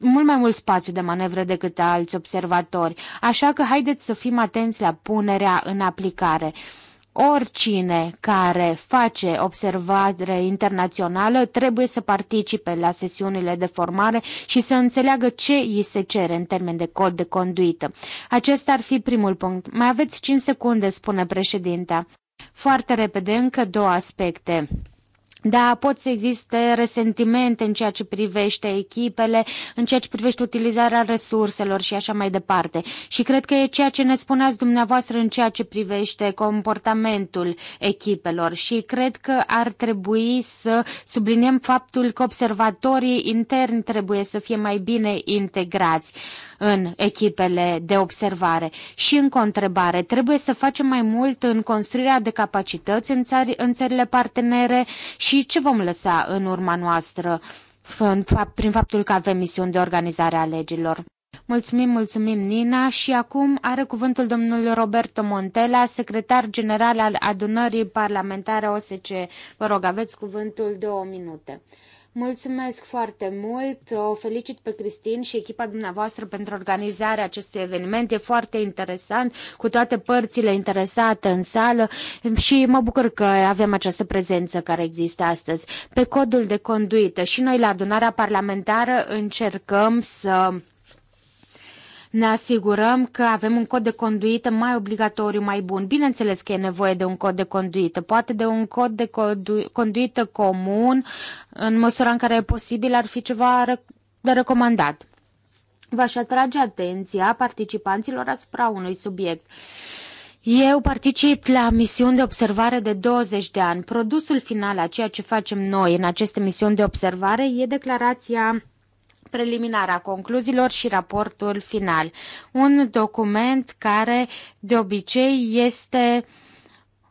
mult mai mult spațiu de manevră decât alți observatori. Așa că haideți să fim atenți la punerea în aplicare oricine care face observare internațională trebuie să participe la sesiunile de formare și să înțeleagă ce îi se cere în termen de cod de conduită. Acesta ar fi primul punct. Mai aveți 5 secunde, spune președinta. Foarte repede, încă două aspecte. Da, pot să existe resentimente în ceea ce privește echipele, în ceea ce privește utilizarea resurselor și așa mai departe. Și cred că e ceea ce ne spuneați dumneavoastră în ceea ce privește comportamentul echipelor. Și cred că ar trebui să subliniem faptul că observatorii interni trebuie să fie mai bine integrați în echipele de observare. Și încă o întrebare, trebuie să facem mai mult în construirea de capacități în, țări, în țările partenere și ce vom lăsa în urma noastră prin faptul că avem misiuni de organizare a legilor? Mulțumim, mulțumim, Nina. Și acum are cuvântul domnul Roberto Montela, secretar general al adunării parlamentare OSCE. Vă rog, aveți cuvântul două minute. Mulțumesc foarte mult, o felicit pe Cristin și echipa dumneavoastră pentru organizarea acestui eveniment. E foarte interesant, cu toate părțile interesate în sală și mă bucur că avem această prezență care există astăzi. Pe codul de conduită și noi la adunarea parlamentară încercăm să ne asigurăm că avem un cod de conduită mai obligatoriu, mai bun. Bineînțeles că e nevoie de un cod de conduită, poate de un cod de conduită comun, în măsura în care e posibil, ar fi ceva de recomandat. V-aș atrage atenția participanților asupra unui subiect. Eu particip la misiuni de observare de 20 de ani. Produsul final a ceea ce facem noi în aceste misiuni de observare e declarația preliminar a concluziilor și raportul final. Un document care de obicei este uh,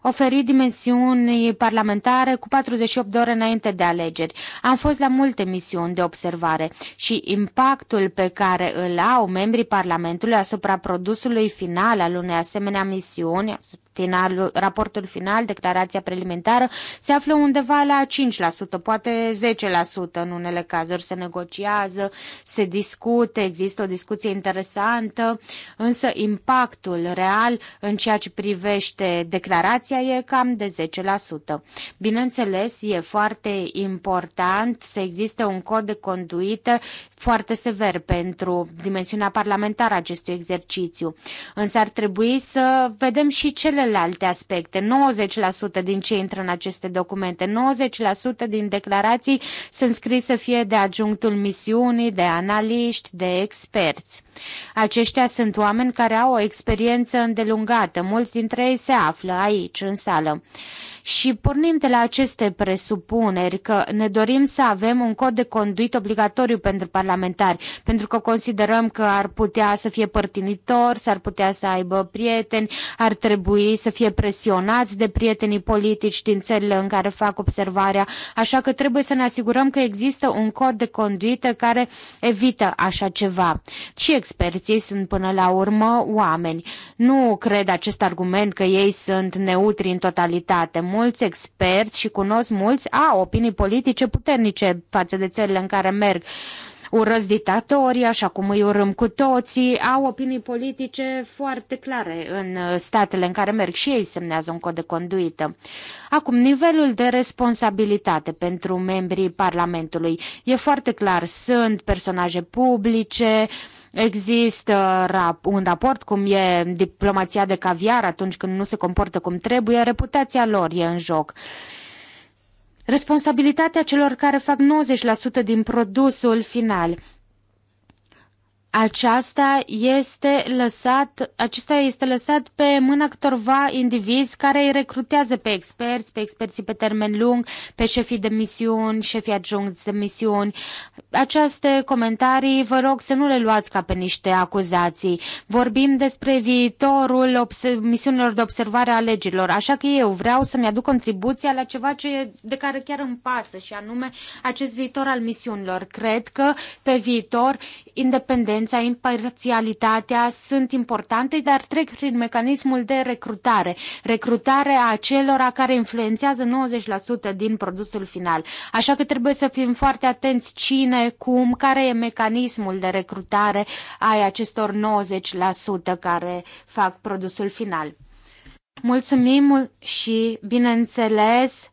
oferi dimensiuni parlamentare cu 48 de ore înainte de alegeri. Am fost la multe misiuni de observare și impactul pe care îl au membrii Parlamentului asupra produsului final al unei asemenea misiuni, finalul raportul final, declarația preliminară, se află undeva la 5%, poate 10% în unele cazuri. Se negociază, se discute, există o discuție interesantă, însă impactul real în ceea ce privește declarația proporția e cam de 10%. Bineînțeles, e foarte important să existe un cod de conduită foarte sever pentru dimensiunea parlamentară a acestui exercițiu. Însă ar trebui să vedem și celelalte aspecte. 90% din ce intră în aceste documente, 90% din declarații sunt scrise fie de adjunctul misiunii, de analiști, de experți. Aceștia sunt oameni care au o experiență îndelungată. Mulți dintre ei se află aici, în sală. Și pornind de la aceste presupuneri că ne dorim să avem un cod de conduit obligatoriu pentru parlamentari, pentru că considerăm că ar putea să fie părtinitor, s-ar putea să aibă prieteni, ar trebui să fie presionați de prietenii politici din țările în care fac observarea, așa că trebuie să ne asigurăm că există un cod de conduită care evită așa ceva. Și experții sunt până la urmă oameni. Nu cred acest argument că ei sunt neutri în totalitate mulți experți și cunosc mulți, au opinii politice puternice față de țările în care merg urăsc dictatorii, așa cum îi urâm cu toții, au opinii politice foarte clare în uh, statele în care merg și ei semnează un cod de conduită. Acum, nivelul de responsabilitate pentru membrii Parlamentului e foarte clar. Sunt personaje publice, Există un raport cum e diplomația de caviar atunci când nu se comportă cum trebuie, reputația lor e în joc. Responsabilitatea celor care fac 90% din produsul final aceasta este lăsat, acesta este lăsat pe mâna câtorva indivizi care îi recrutează pe experți, pe experții pe termen lung, pe șefii de misiuni, șefii adjuncți de misiuni. Aceste comentarii vă rog să nu le luați ca pe niște acuzații. Vorbim despre viitorul misiunilor de observare a legilor, așa că eu vreau să-mi aduc contribuția la ceva ce, de care chiar îmi pasă și anume acest viitor al misiunilor. Cred că pe viitor independent independența, imparțialitatea sunt importante, dar trec prin mecanismul de recrutare. Recrutarea acelora care influențează 90% din produsul final. Așa că trebuie să fim foarte atenți cine, cum, care e mecanismul de recrutare ai acestor 90% care fac produsul final. Mulțumim și, bineînțeles,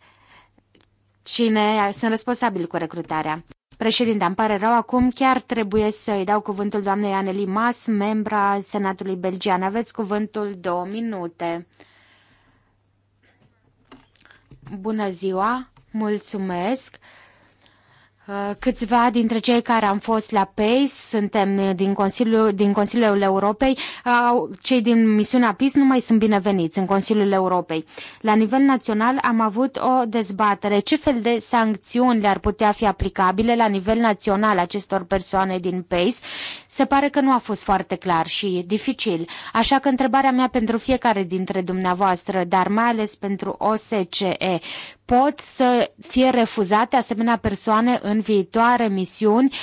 cine sunt responsabili cu recrutarea. Președinte, îmi pare rău, acum chiar trebuie să îi dau cuvântul doamnei Aneli Mas, membra Senatului Belgian. Aveți cuvântul două minute. Bună ziua, mulțumesc. Uh, câțiva dintre cei care am fost la PACE, suntem uh, din Consiliul, din Consiliul Europei, cei din misiunea PIS nu mai sunt bineveniți în Consiliul Europei. La nivel național am avut o dezbatere. Ce fel de sancțiuni le-ar putea fi aplicabile la nivel național acestor persoane din PACE? Se pare că nu a fost foarte clar și dificil. Așa că întrebarea mea pentru fiecare dintre dumneavoastră, dar mai ales pentru OSCE, pot să fie refuzate asemenea persoane în viitoare misiuni,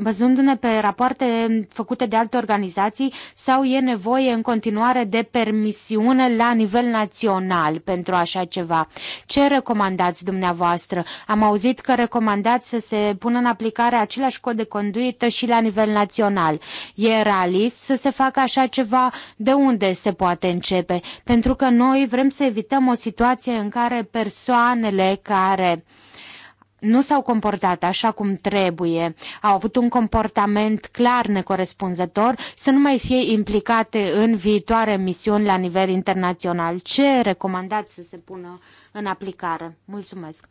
bazându-ne pe rapoarte făcute de alte organizații sau e nevoie în continuare de permisiune la nivel național pentru așa ceva? Ce recomandați dumneavoastră? Am auzit că recomandați să se pună în aplicare același cod de conduită și la nivel național. E realist să se facă așa ceva? De unde se poate începe? Pentru că noi vrem să evităm o situație în care persoane persoanele care nu s-au comportat așa cum trebuie, au avut un comportament clar necorespunzător, să nu mai fie implicate în viitoare misiuni la nivel internațional. Ce recomandați să se pună în aplicare? Mulțumesc!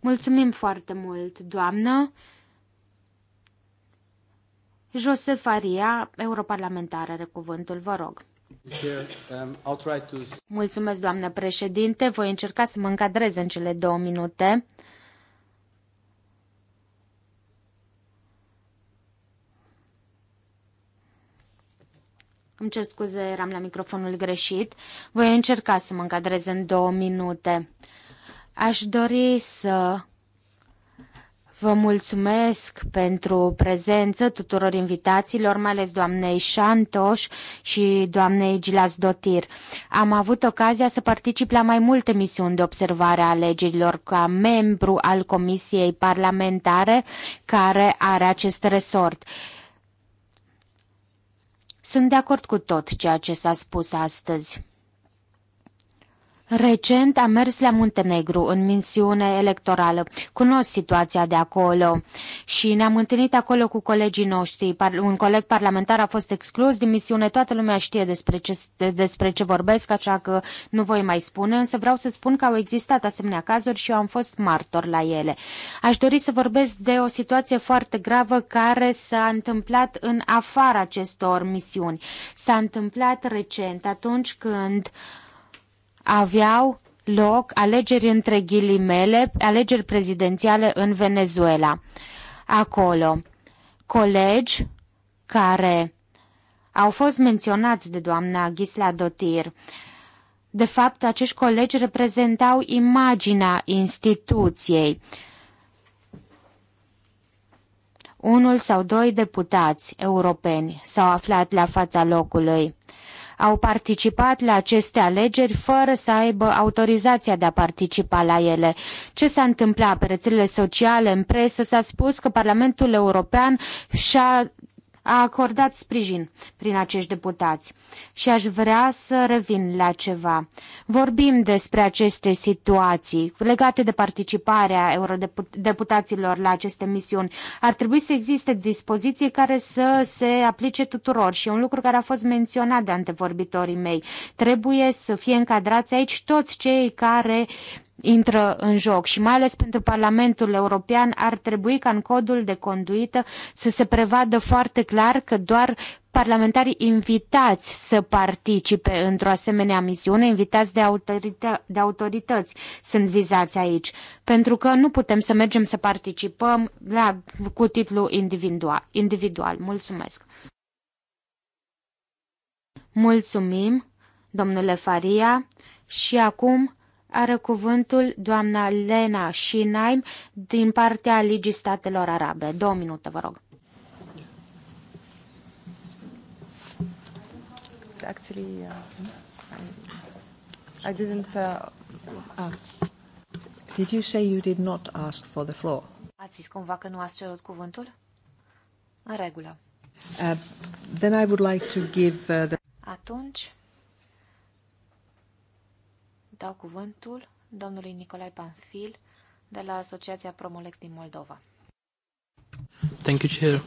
Mulțumim foarte mult, doamnă! Josef Aria, europarlamentar, are cuvântul, vă rog. Um, Mulțumesc, doamnă președinte. Voi încerca să mă încadrez în cele două minute. Îmi cer scuze, eram la microfonul greșit. Voi încerca să mă încadrez în două minute. Aș dori să Vă mulțumesc pentru prezență tuturor invitațiilor, mai ales doamnei Șantoș și doamnei Gilas Dotir. Am avut ocazia să particip la mai multe misiuni de observare a alegerilor ca membru al Comisiei Parlamentare care are acest resort. Sunt de acord cu tot ceea ce s-a spus astăzi. Recent am mers la Muntenegru în misiune electorală. Cunosc situația de acolo și ne-am întâlnit acolo cu colegii noștri. Un coleg parlamentar a fost exclus din misiune. Toată lumea știe despre ce, despre ce vorbesc, așa că nu voi mai spune, însă vreau să spun că au existat asemenea cazuri și eu am fost martor la ele. Aș dori să vorbesc de o situație foarte gravă care s-a întâmplat în afara acestor misiuni. S-a întâmplat recent, atunci când uh, aveau loc alegeri între ghilimele, alegeri prezidențiale în Venezuela. Acolo, colegi care au fost menționați de doamna Ghisla Dotir. De fapt, acești colegi reprezentau imaginea instituției. Unul sau doi deputați europeni s-au aflat la fața locului au participat la aceste alegeri fără să aibă autorizația de a participa la ele. Ce s-a întâmplat pe rețelele sociale, în presă, s-a spus că Parlamentul European și-a a acordat sprijin prin acești deputați. Și aș vrea să revin la ceva. Vorbim despre aceste situații legate de participarea eurodeputaților la aceste misiuni. Ar trebui să existe dispoziții care să se aplice tuturor și un lucru care a fost menționat de antevorbitorii mei. Trebuie să fie încadrați aici toți cei care intră în joc și mai ales pentru Parlamentul European ar trebui ca în codul de conduită să se prevadă foarte clar că doar parlamentarii invitați să participe într-o asemenea misiune, invitați de, autorită- de autorități sunt vizați aici, pentru că nu putem să mergem să participăm la, cu titlu individual. individual. Mulțumesc! Mulțumim, domnule Faria, și acum are cuvântul doamna Lena Shinaim din partea Ligii Statelor Arabe. Două minute, vă rog. Actually, uh, I didn't. Uh, ah. Did you say you did not ask for the floor? Ați zis cumva că nu ați cerut cuvântul? În regulă. Uh, then I would like to give uh, the... Atunci, dau cuvântul domnului Nicolae Panfil de la Asociația Promolex din Moldova. Thank you, Chair.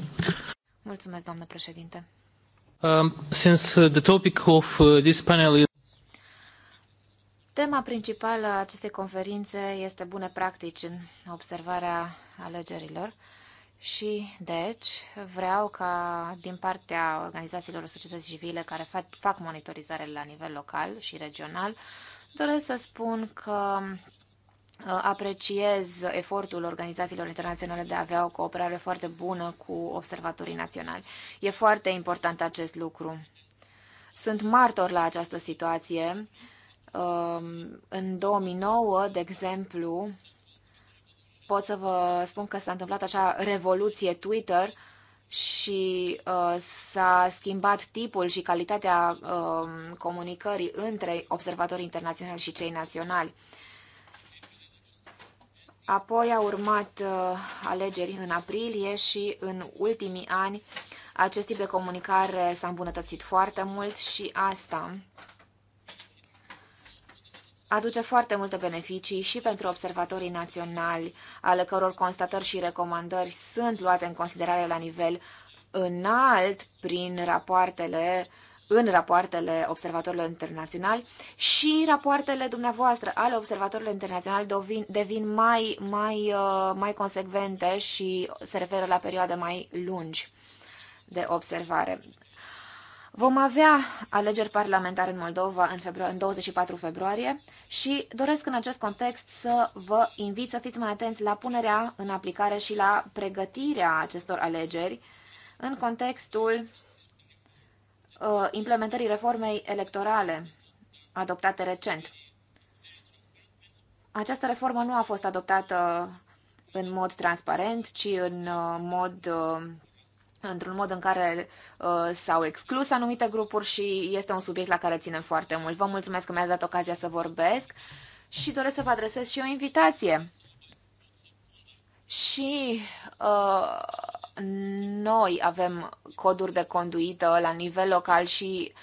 Mulțumesc, doamnă președinte. Um, since uh, the topic of uh, this panel is... Tema principală a acestei conferințe este bune practici în observarea alegerilor și, deci, vreau ca din partea organizațiilor societății civile care fac, fac monitorizare la nivel local și regional Doresc să spun că uh, apreciez efortul organizațiilor internaționale de a avea o cooperare foarte bună cu observatorii naționali. E foarte important acest lucru. Sunt martor la această situație. Um, în 2009, de exemplu, pot să vă spun că s-a întâmplat acea revoluție Twitter, și uh, s-a schimbat tipul și calitatea uh, comunicării între observatorii internaționali și cei naționali. Apoi au urmat uh, alegeri în aprilie și în ultimii ani acest tip de comunicare s-a îmbunătățit foarte mult și asta aduce foarte multe beneficii și pentru observatorii naționali, ale căror constatări și recomandări sunt luate în considerare la nivel înalt prin rapoartele în rapoartele observatorilor internaționali și rapoartele dumneavoastră ale observatorilor internaționali devin, devin mai, mai, uh, mai consecvente și se referă la perioade mai lungi de observare. Vom avea alegeri parlamentare în Moldova în, februar, în 24 februarie și doresc în acest context să vă invit să fiți mai atenți la punerea în aplicare și la pregătirea acestor alegeri în contextul uh, implementării reformei electorale adoptate recent. Această reformă nu a fost adoptată în mod transparent, ci în uh, mod uh, într-un mod în care uh, s-au exclus anumite grupuri și este un subiect la care ținem foarte mult. Vă mulțumesc că mi-ați dat ocazia să vorbesc și doresc să vă adresez și o invitație. Și uh, noi avem coduri de conduită la nivel local și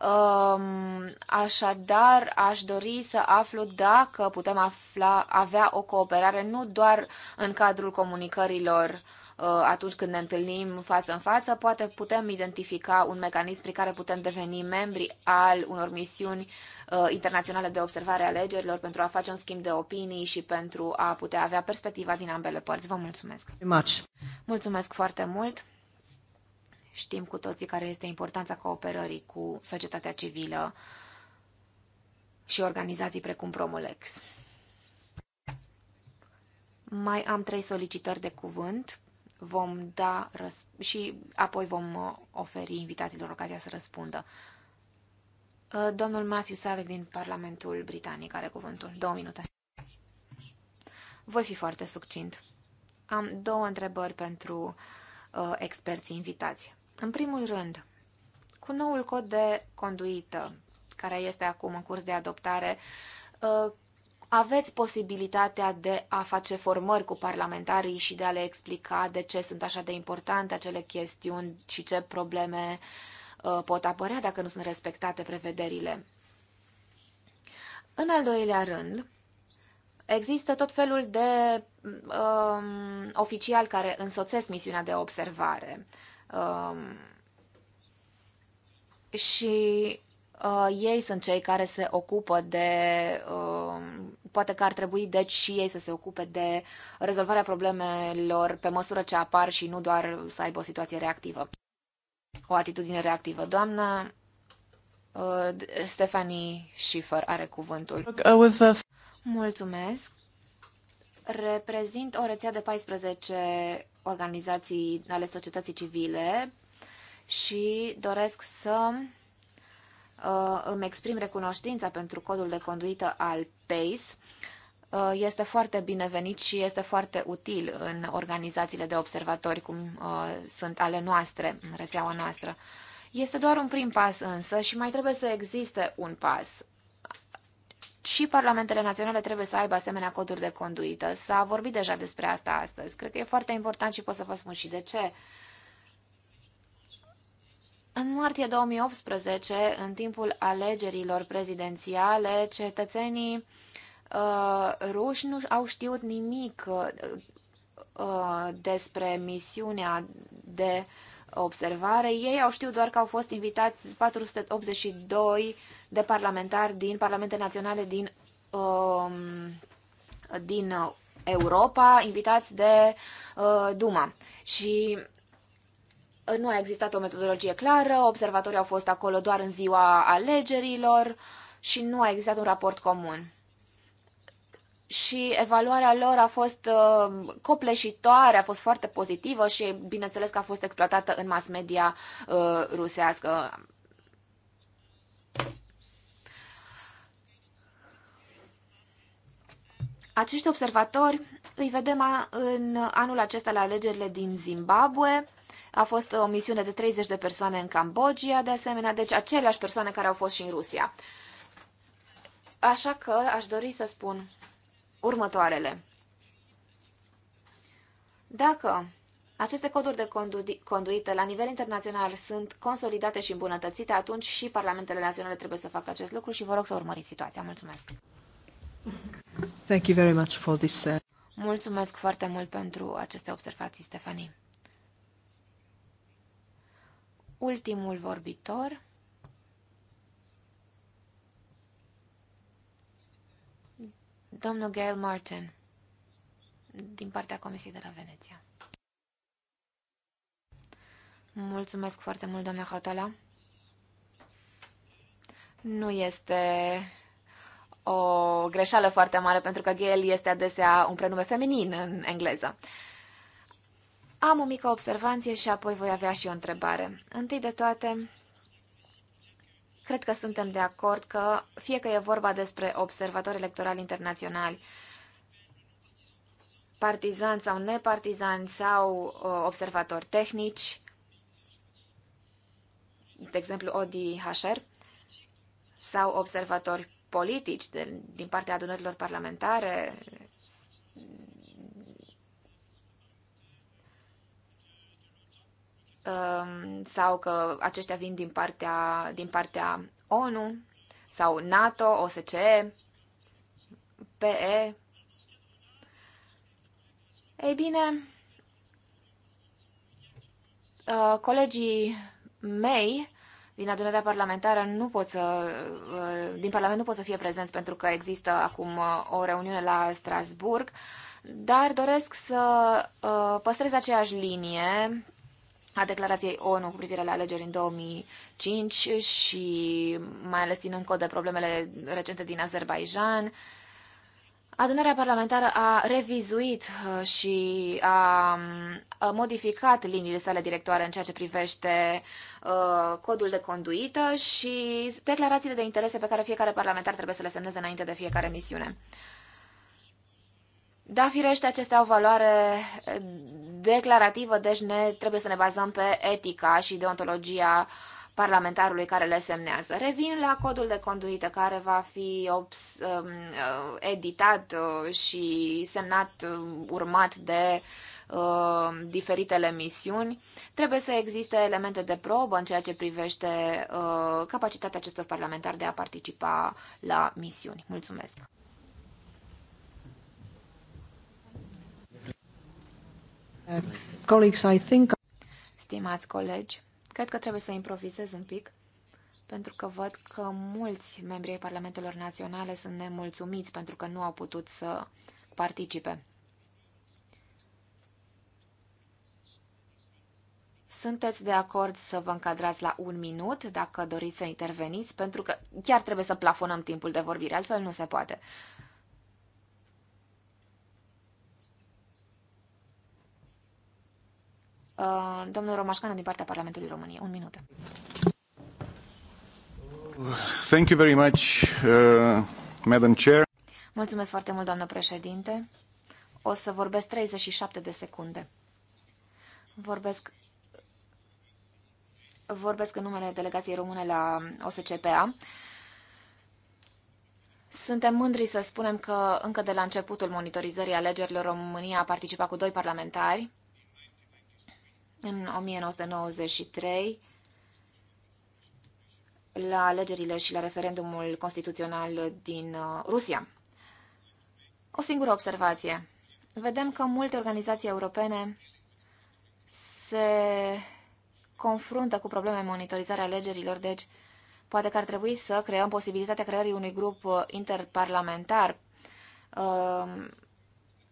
um, așadar aș dori să aflu dacă putem afla, avea o cooperare nu doar în cadrul comunicărilor uh, Uh, atunci când ne întâlnim față în față, poate putem identifica un mecanism prin care putem deveni membri al unor misiuni uh, internaționale de observare a alegerilor pentru a face un schimb de opinii și pentru a putea avea perspectiva din ambele părți. Vă mulțumesc! Much. Mulțumesc foarte mult! Știm cu toții care este importanța cooperării cu societatea civilă și organizații precum Promolex. Mai am trei solicitări de cuvânt vom da și apoi vom uh, oferi invitațiilor ocazia să răspundă. Uh, domnul Matthew Salek din Parlamentul Britanic are cuvântul. Două minute. Voi fi foarte succint. Am două întrebări pentru uh, experții invitați. În primul rând, cu noul cod de conduită, care este acum în curs de adoptare, uh, aveți posibilitatea de a face formări cu parlamentarii și de a le explica de ce sunt așa de importante acele chestiuni și ce probleme uh, pot apărea dacă nu sunt respectate prevederile. În al doilea rând, există tot felul de um, oficiali care însoțesc misiunea de observare. Um, și Uh, ei sunt cei care se ocupă de. Uh, poate că ar trebui, deci, și ei să se ocupe de rezolvarea problemelor pe măsură ce apar și nu doar să aibă o situație reactivă, o atitudine reactivă. Doamna uh, Stefanie Schiffer are cuvântul. Uh, uh, Mulțumesc. Reprezint o rețea de 14 organizații ale societății civile și doresc să Uh, îmi exprim recunoștința pentru codul de conduită al PACE. Uh, este foarte binevenit și este foarte util în organizațiile de observatori, cum uh, sunt ale noastre, în rețeaua noastră. Este doar un prim pas însă și mai trebuie să existe un pas. Și parlamentele naționale trebuie să aibă asemenea coduri de conduită. S-a vorbit deja despre asta astăzi. Cred că e foarte important și pot să vă spun și de ce. În martie 2018, în timpul alegerilor prezidențiale, cetățenii uh, ruși nu au știut nimic uh, uh, despre misiunea de observare. Ei au știut doar că au fost invitați 482 de parlamentari din parlamente naționale din, uh, din Europa, invitați de uh, Duma. Și nu a existat o metodologie clară, observatorii au fost acolo doar în ziua alegerilor și nu a existat un raport comun. Și evaluarea lor a fost uh, copleșitoare, a fost foarte pozitivă și, bineînțeles, că a fost exploatată în mass media uh, rusească. Acești observatori îi vedem în anul acesta la alegerile din Zimbabwe a fost o misiune de 30 de persoane în Cambodgia, de asemenea, deci aceleași persoane care au fost și în Rusia. Așa că aș dori să spun următoarele. Dacă aceste coduri de conduită la nivel internațional sunt consolidate și îmbunătățite, atunci și parlamentele naționale trebuie să facă acest lucru și vă rog să urmăriți situația. Mulțumesc! Thank you very much for this. Uh, Mulțumesc foarte mult pentru aceste observații, Stefanie ultimul vorbitor. Domnul Gail Martin, din partea Comisiei de la Veneția. Mulțumesc foarte mult, doamna Hotala. Nu este o greșeală foarte mare, pentru că Gail este adesea un prenume feminin în engleză. Uh, am o mică observație și apoi voi avea și o întrebare. Întâi de toate, cred că suntem de acord că fie că e vorba despre observatori electorali internaționali, partizani sau nepartizani sau uh, observatori tehnici, de exemplu ODIHR, sau observatori politici de, din partea adunărilor parlamentare, Um, sau că aceștia vin din partea, din partea ONU sau NATO, OSCE, PE. Ei bine, uh, colegii mei din adunarea parlamentară nu pot să, uh, din Parlament nu pot să fie prezenți pentru că există acum uh, o reuniune la Strasburg, dar doresc să păstrez aceeași linie a declarației ONU cu privire la alegeri în 2005 și mai ales ținând cod de problemele recente din Azerbaijan, Adunarea parlamentară a revizuit uh, și a modificat liniile sale directoare în ceea ce privește uh, codul de conduită și declarațiile de interese pe care fiecare parlamentar trebuie să le semneze înainte de fiecare misiune. Da, firește, acestea au valoare declarativă, deci ne, trebuie să ne bazăm pe etica și deontologia parlamentarului care le semnează. Revin la codul de conduită care va fi obs, um, uh, editat uh, și semnat, uh, urmat de diferitele misiuni. Trebuie să existe elemente de probă în ceea ce privește capacitatea acestor parlamentari de a participa la misiuni. Mulțumesc! Uh, Stimați colegi, cred că trebuie să improvizez un pic, pentru că văd că mulți membri ai Parlamentelor Naționale sunt nemulțumiți pentru că nu au putut să participe. Sunteți de acord să vă încadrați la un minut dacă doriți să interveniți, pentru că chiar trebuie să plafonăm timpul de vorbire, altfel nu se poate. Uh, domnul Romașcan, din partea Parlamentului României. Un minut. Thank you very much, uh, Madam Chair. Mulțumesc foarte mult, doamnă președinte. O să vorbesc 37 de secunde. Vorbesc vorbesc în numele delegației române la OSCPA. Suntem mândri să spunem că încă de la începutul monitorizării alegerilor România a participat cu doi parlamentari în 1993 la alegerile și la referendumul constituțional din uh, Rusia. O singură observație. Vedem că multe organizații europene se confruntă cu probleme monitorizarea alegerilor, deci poate că ar trebui să creăm posibilitatea creării unui grup uh, interparlamentar uh,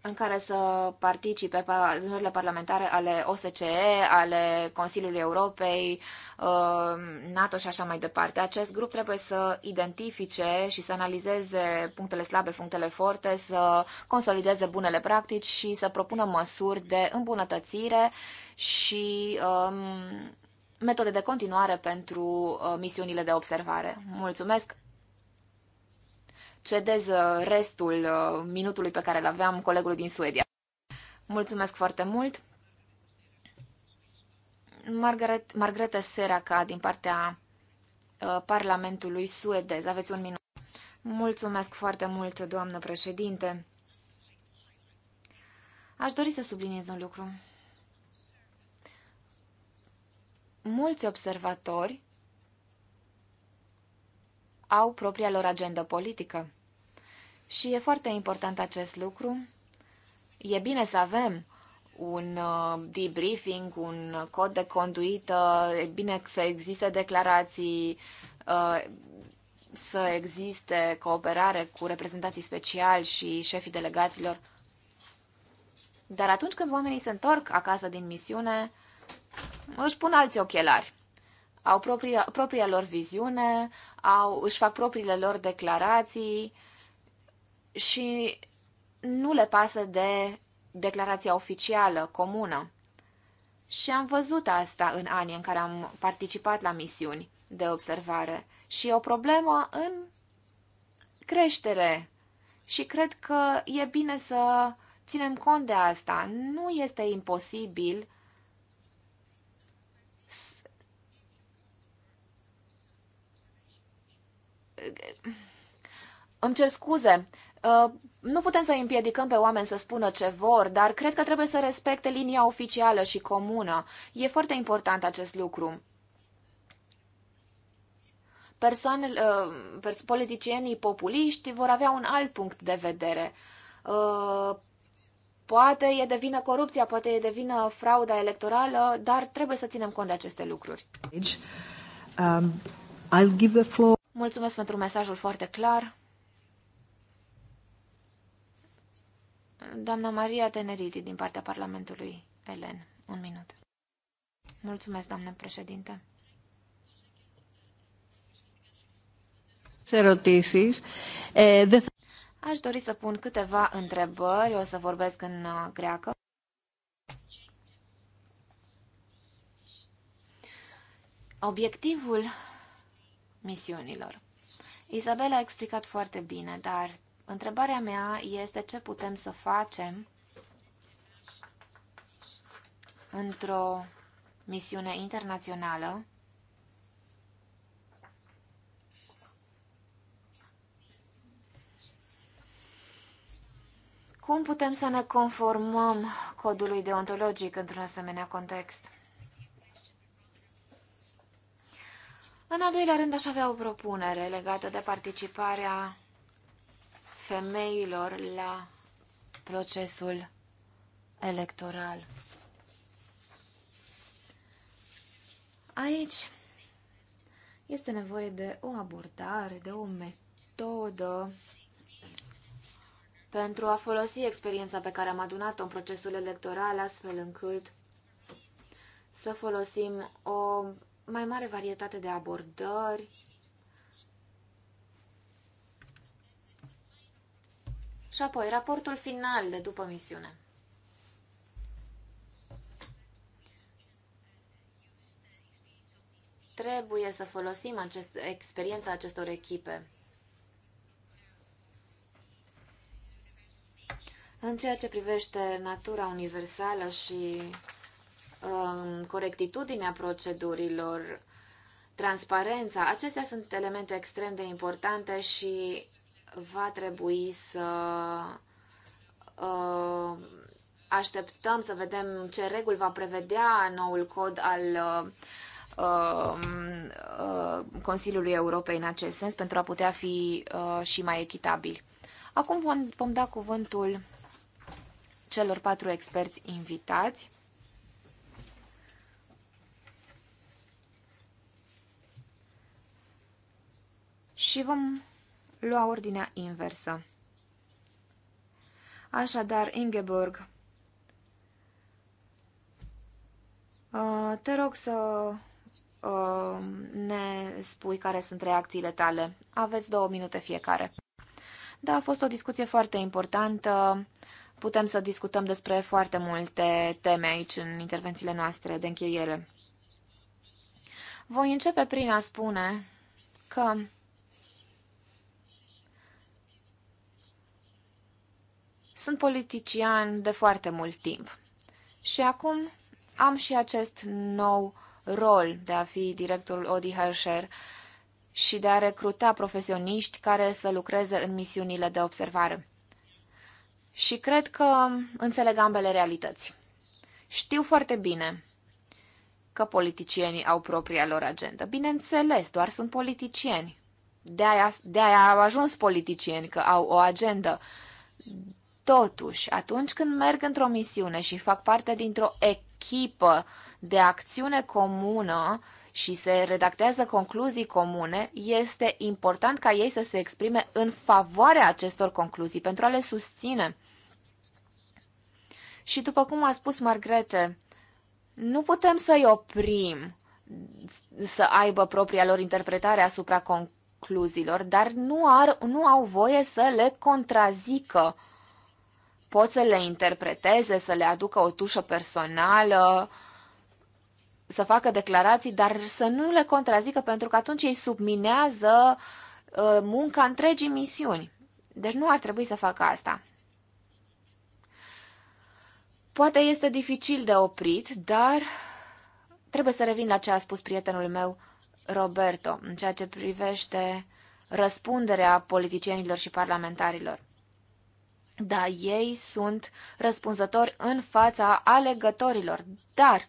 în care să participe adunările parlamentare ale OSCE, ale Consiliului Europei, uh, NATO și așa mai departe. Acest grup trebuie să identifice și să analizeze punctele slabe, punctele forte, să consolideze bunele practici și să propună măsuri de îmbunătățire și um, metode de continuare pentru uh, misiunile de observare. Mulțumesc! cedez uh, restul uh, minutului pe care îl aveam colegului din Suedia. Mulțumesc foarte mult! Margaret, Margreta Seraca din partea uh, Parlamentului suedez. Aveți un minut. Mulțumesc foarte mult, doamnă președinte. Aș dori să subliniez un lucru. Mulți observatori au propria lor agendă politică. Și e foarte important acest lucru. E bine să avem un uh, debriefing, un cod de conduită, e bine să existe declarații, uh, să existe cooperare cu reprezentații speciali și șefii delegaților. Dar atunci când oamenii se întorc acasă din misiune, își pun alți ochelari. Au propria, propria lor viziune, au, își fac propriile lor declarații, uh, și nu le pasă de declarația oficială, comună. Și am văzut asta în anii în care am participat la misiuni de observare. Și e o problemă în creștere. Și cred că e bine să ținem cont de asta. Nu este imposibil Îmi cer scuze, Uh, nu putem să împiedicăm pe oameni să spună ce vor, dar cred că trebuie să respecte linia oficială și comună. E foarte important acest lucru. Persoanele, uh, politicienii populiști vor avea un alt punct de vedere. Uh, poate e de vină corupția, poate e de vină frauda electorală, dar trebuie să ținem cont de aceste lucruri. Um, I'll give the floor. Mulțumesc pentru mesajul foarte clar. Doamna Maria Teneriti, din partea Parlamentului Elen. Un minut. Mulțumesc, doamnă președinte. Aș dori să pun câteva întrebări. O să vorbesc în uh, greacă. Obiectivul misiunilor. Isabela a explicat foarte bine, dar Întrebarea mea este ce putem să facem într-o misiune internațională Cum putem să ne conformăm codului deontologic într-un asemenea context? În al doilea rând, aș avea o propunere legată de participarea femeilor la procesul electoral. Aici este nevoie de o abordare, de o metodă pentru a folosi experiența pe care am adunat-o în procesul electoral, astfel încât să folosim o mai mare varietate de abordări Și apoi, raportul final de după misiune. Trebuie să folosim acest, experiența acestor echipe. În ceea ce privește natura universală și um, corectitudinea procedurilor, transparența, acestea sunt elemente extrem de importante și va trebui să uh, așteptăm să vedem ce reguli va prevedea noul cod al uh, um, uh, Consiliului Europei în acest sens pentru a putea fi uh, și mai echitabili. Acum vom, vom da cuvântul celor patru experți invitați. Și vom lua ordinea inversă. Așadar, Ingeborg, uh, te rog să uh, ne spui care sunt reacțiile tale. Aveți două minute fiecare. Da, a fost o discuție foarte importantă. Putem să discutăm despre foarte multe teme aici în intervențiile noastre de încheiere. Voi începe prin a spune că Sunt politician de foarte mult timp și acum am și acest nou rol de a fi directorul Hersher și de a recruta profesioniști care să lucreze în misiunile de observare. Și cred că înțeleg ambele realități. Știu foarte bine că politicienii au propria lor agendă. Bineînțeles, doar sunt politicieni. De-aia, de-aia au ajuns politicieni, că au o agendă. Totuși, atunci când merg într-o misiune și fac parte dintr-o echipă de acțiune comună și se redactează concluzii comune, este important ca ei să se exprime în favoarea acestor concluzii pentru a le susține. Și după cum a spus Margrete, nu putem să-i oprim să aibă propria lor interpretare asupra concluziilor, dar nu, ar, nu au voie să le contrazică pot să le interpreteze, să le aducă o tușă personală, să facă declarații, dar să nu le contrazică, pentru că atunci ei subminează uh, munca întregii misiuni. Deci nu ar trebui să facă asta. Poate este dificil de oprit, dar trebuie să revin la ce a spus prietenul meu, Roberto, în ceea ce privește răspunderea politicienilor și parlamentarilor. Da, ei sunt răspunzători în fața alegătorilor, dar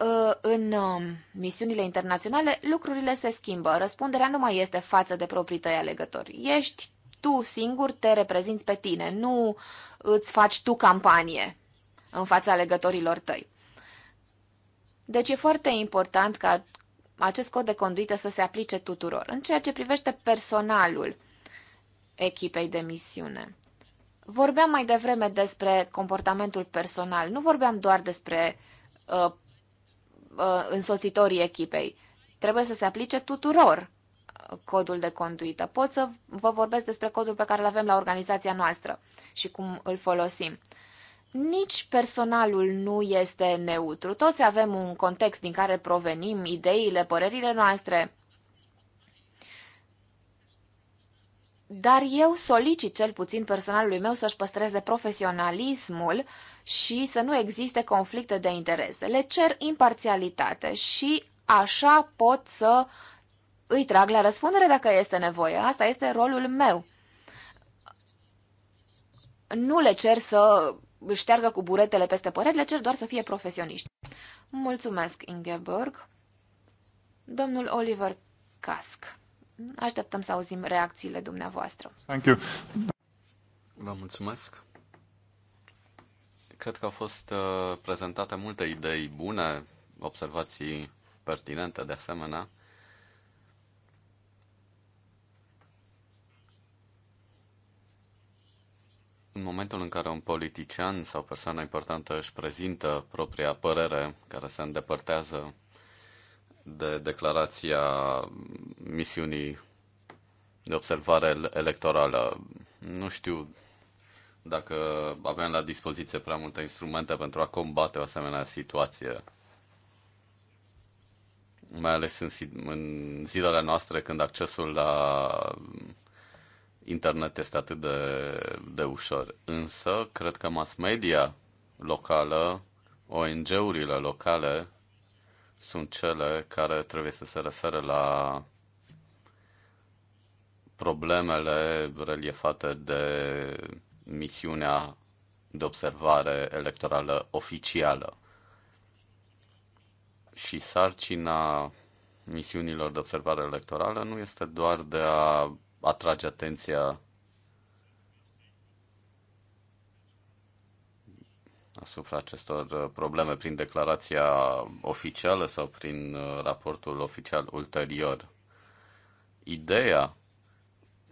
ă, în ă, misiunile internaționale lucrurile se schimbă. Răspunderea nu mai este față de proprii tăi alegători. Ești tu singur, te reprezinți pe tine, nu îți faci tu campanie în fața alegătorilor tăi. Deci e foarte important ca acest cod de conduită să se aplice tuturor. În ceea ce privește personalul, echipei de misiune. Vorbeam mai devreme despre comportamentul personal, nu vorbeam doar despre uh, uh, însoțitorii echipei. Trebuie să se aplice tuturor uh, codul de conduită. Pot să vă vorbesc despre codul pe care îl avem la organizația noastră și cum îl folosim. Nici personalul nu este neutru. Toți avem un context din care provenim ideile, părerile noastre. dar eu solicit cel puțin personalului meu să-și păstreze profesionalismul și să nu existe conflicte de interese. Le cer imparțialitate și așa pot să îi trag la răspundere dacă este nevoie. Asta este rolul meu. Nu le cer să șteargă cu buretele peste păreri, le cer doar să fie profesioniști. Mulțumesc, Ingeborg. Domnul Oliver Casc. Așteptăm să auzim reacțiile dumneavoastră. Thank you. Vă mulțumesc. Cred că au fost uh, prezentate multe idei bune, observații pertinente de asemenea. În momentul în care un politician sau persoană importantă își prezintă propria părere care se îndepărtează de declarația misiunii de observare electorală. Nu știu dacă avem la dispoziție prea multe instrumente pentru a combate o asemenea situație. Mai ales în, în zilele noastre când accesul la internet este atât de, de ușor. Însă, cred că mass media locală, ONG-urile locale sunt cele care trebuie să se refere la problemele reliefate de misiunea de observare electorală oficială. Și sarcina misiunilor de observare electorală nu este doar de a atrage atenția asupra acestor uh, probleme prin declarația oficială sau prin uh, raportul oficial ulterior. Ideea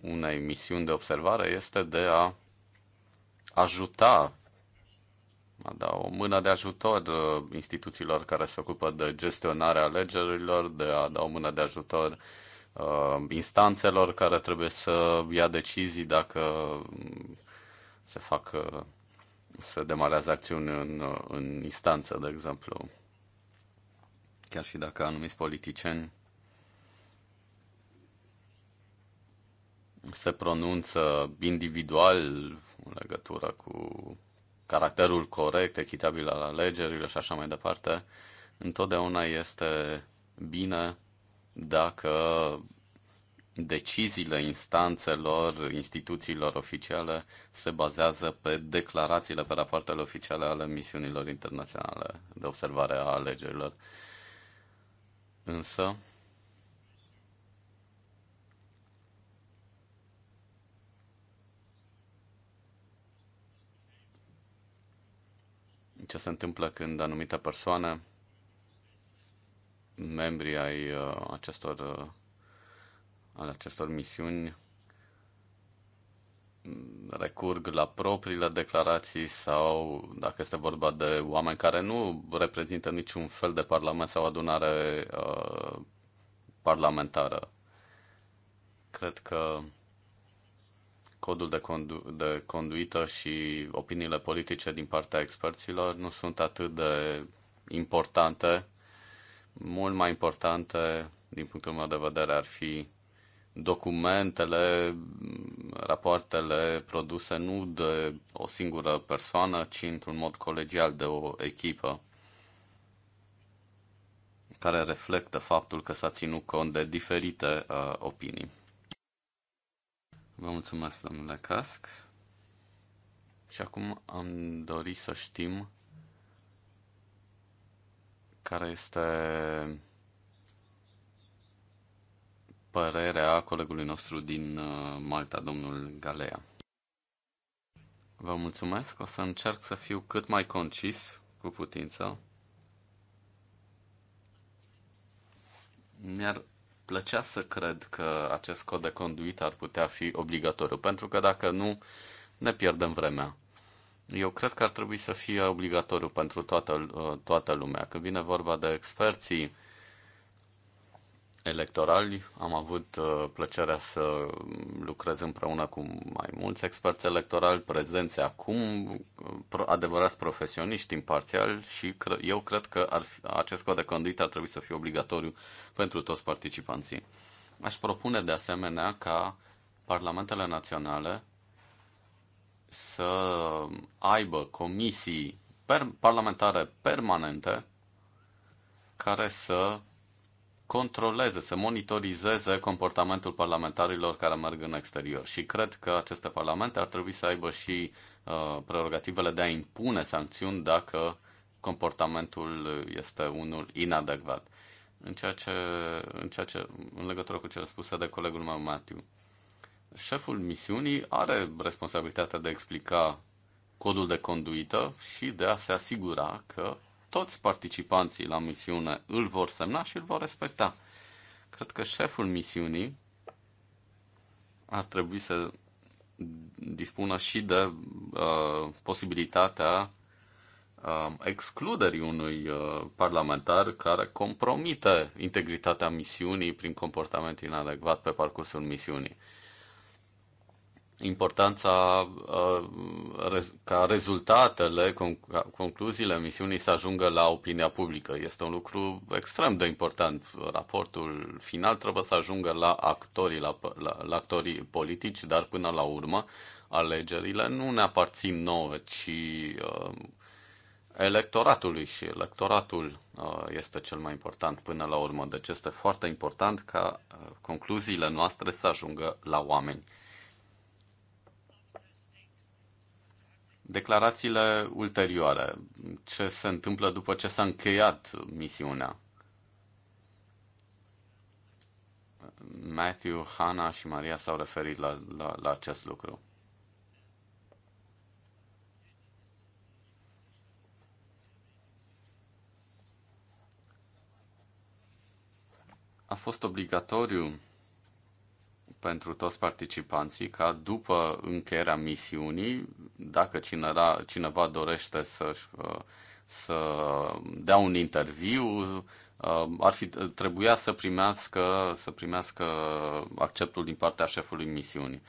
unei misiuni de observare este de a ajuta, a da o mână de ajutor uh, instituțiilor care se ocupă de gestionarea alegerilor, de a da o mână de ajutor instanțelor care trebuie să ia decizii dacă mm, se fac se demarează acțiuni în, în instanță, de exemplu. Chiar și dacă anumiți politicieni se pronunță individual în legătură cu caracterul corect, echitabil al alegerilor și așa mai departe, întotdeauna este bine dacă deciziile instanțelor, instituțiilor oficiale se bazează pe declarațiile, pe rapoartele oficiale ale misiunilor internaționale de observare a alegerilor. Însă, ce se întâmplă când anumite persoane, membrii ai uh, acestor uh, al acestor misiuni recurg la propriile declarații sau dacă este vorba de oameni care nu reprezintă niciun fel de parlament sau adunare uh, parlamentară. Cred că codul de, condu- de conduită și opiniile politice din partea experților nu sunt atât de importante. Mult mai importante, din punctul meu de vedere, ar fi documentele, rapoartele produse nu de o singură persoană, ci într-un mod colegial de o echipă care reflectă faptul că s-a ținut cont de diferite uh, opinii. Vă mulțumesc, domnule Casc. Și acum am dorit să știm care este părerea colegului nostru din uh, Malta, domnul Galea. Vă mulțumesc, o să încerc să fiu cât mai concis cu putință. Mi-ar plăcea să cred că acest cod de conduit ar putea fi obligatoriu, pentru că dacă nu, ne pierdem vremea. Eu cred că ar trebui să fie obligatoriu pentru toată, uh, toată lumea. Când vine vorba de experții electorali. Am avut uh, plăcerea să lucrez împreună cu mai mulți experți electorali prezenți acum, adevărați profesioniști imparțiali și eu cred că ar fi, acest cod de conduită ar trebui să fie obligatoriu pentru toți participanții. Aș propune de asemenea ca parlamentele naționale să aibă comisii per- parlamentare permanente care să controleze, să monitorizeze comportamentul parlamentarilor care merg în exterior. Și cred că aceste parlamente ar trebui să aibă și uh, prerogativele de a impune sancțiuni dacă comportamentul este unul inadecvat. În ceea ce, în, ceea ce, în legătură cu cele spuse de colegul meu Matiu, șeful misiunii are responsabilitatea de a explica codul de conduită și de a se asigura că toți participanții la misiune îl vor semna și îl vor respecta. Cred că șeful misiunii ar trebui să dispună și de uh, posibilitatea uh, excluderii unui uh, parlamentar care compromite integritatea misiunii prin comportament inadecvat pe parcursul misiunii. Importanța uh, ca rezultatele, concluziile misiunii să ajungă la opinia publică. Este un lucru extrem de important. Raportul final trebuie să ajungă la actorii, la, la, la actorii politici, dar până la urmă alegerile nu ne aparțin nouă, ci uh, electoratului și electoratul uh, este cel mai important până la urmă. Deci este foarte important ca uh, concluziile noastre să ajungă la oameni. declarațiile ulterioare, ce se întâmplă după ce s-a încheiat misiunea. Matthew, Hanna și Maria s-au referit la, la, la acest lucru. A fost obligatoriu pentru toți participanții ca după încheierea misiunii, dacă cineva, cineva dorește să, uh, să dea un interviu, uh, ar fi trebuia să primească, să primească acceptul din partea șefului misiunii.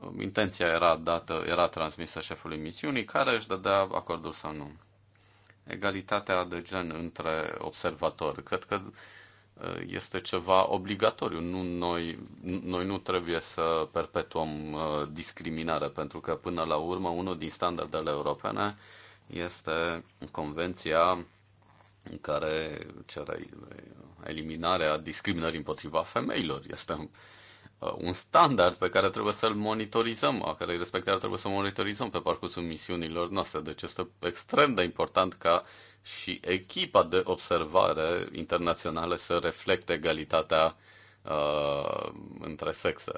Uh, intenția era dată, era transmisă șefului misiunii, care își dădea acordul sau nu. Egalitatea de gen între observatori. Cred că uh, este ceva obligatoriu. Nu, noi, noi nu trebuie să perpetuăm uh, discriminare, pentru că până la urmă unul din standardele europene este convenția în care cere eliminarea discriminării împotriva femeilor. Este uh, un standard pe care trebuie să-l monitorizăm, a cărei respectare trebuie să monitorizăm pe parcursul misiunilor noastre. Deci este extrem de important ca și echipa de observare internațională să reflecte egalitatea uh, între sexe.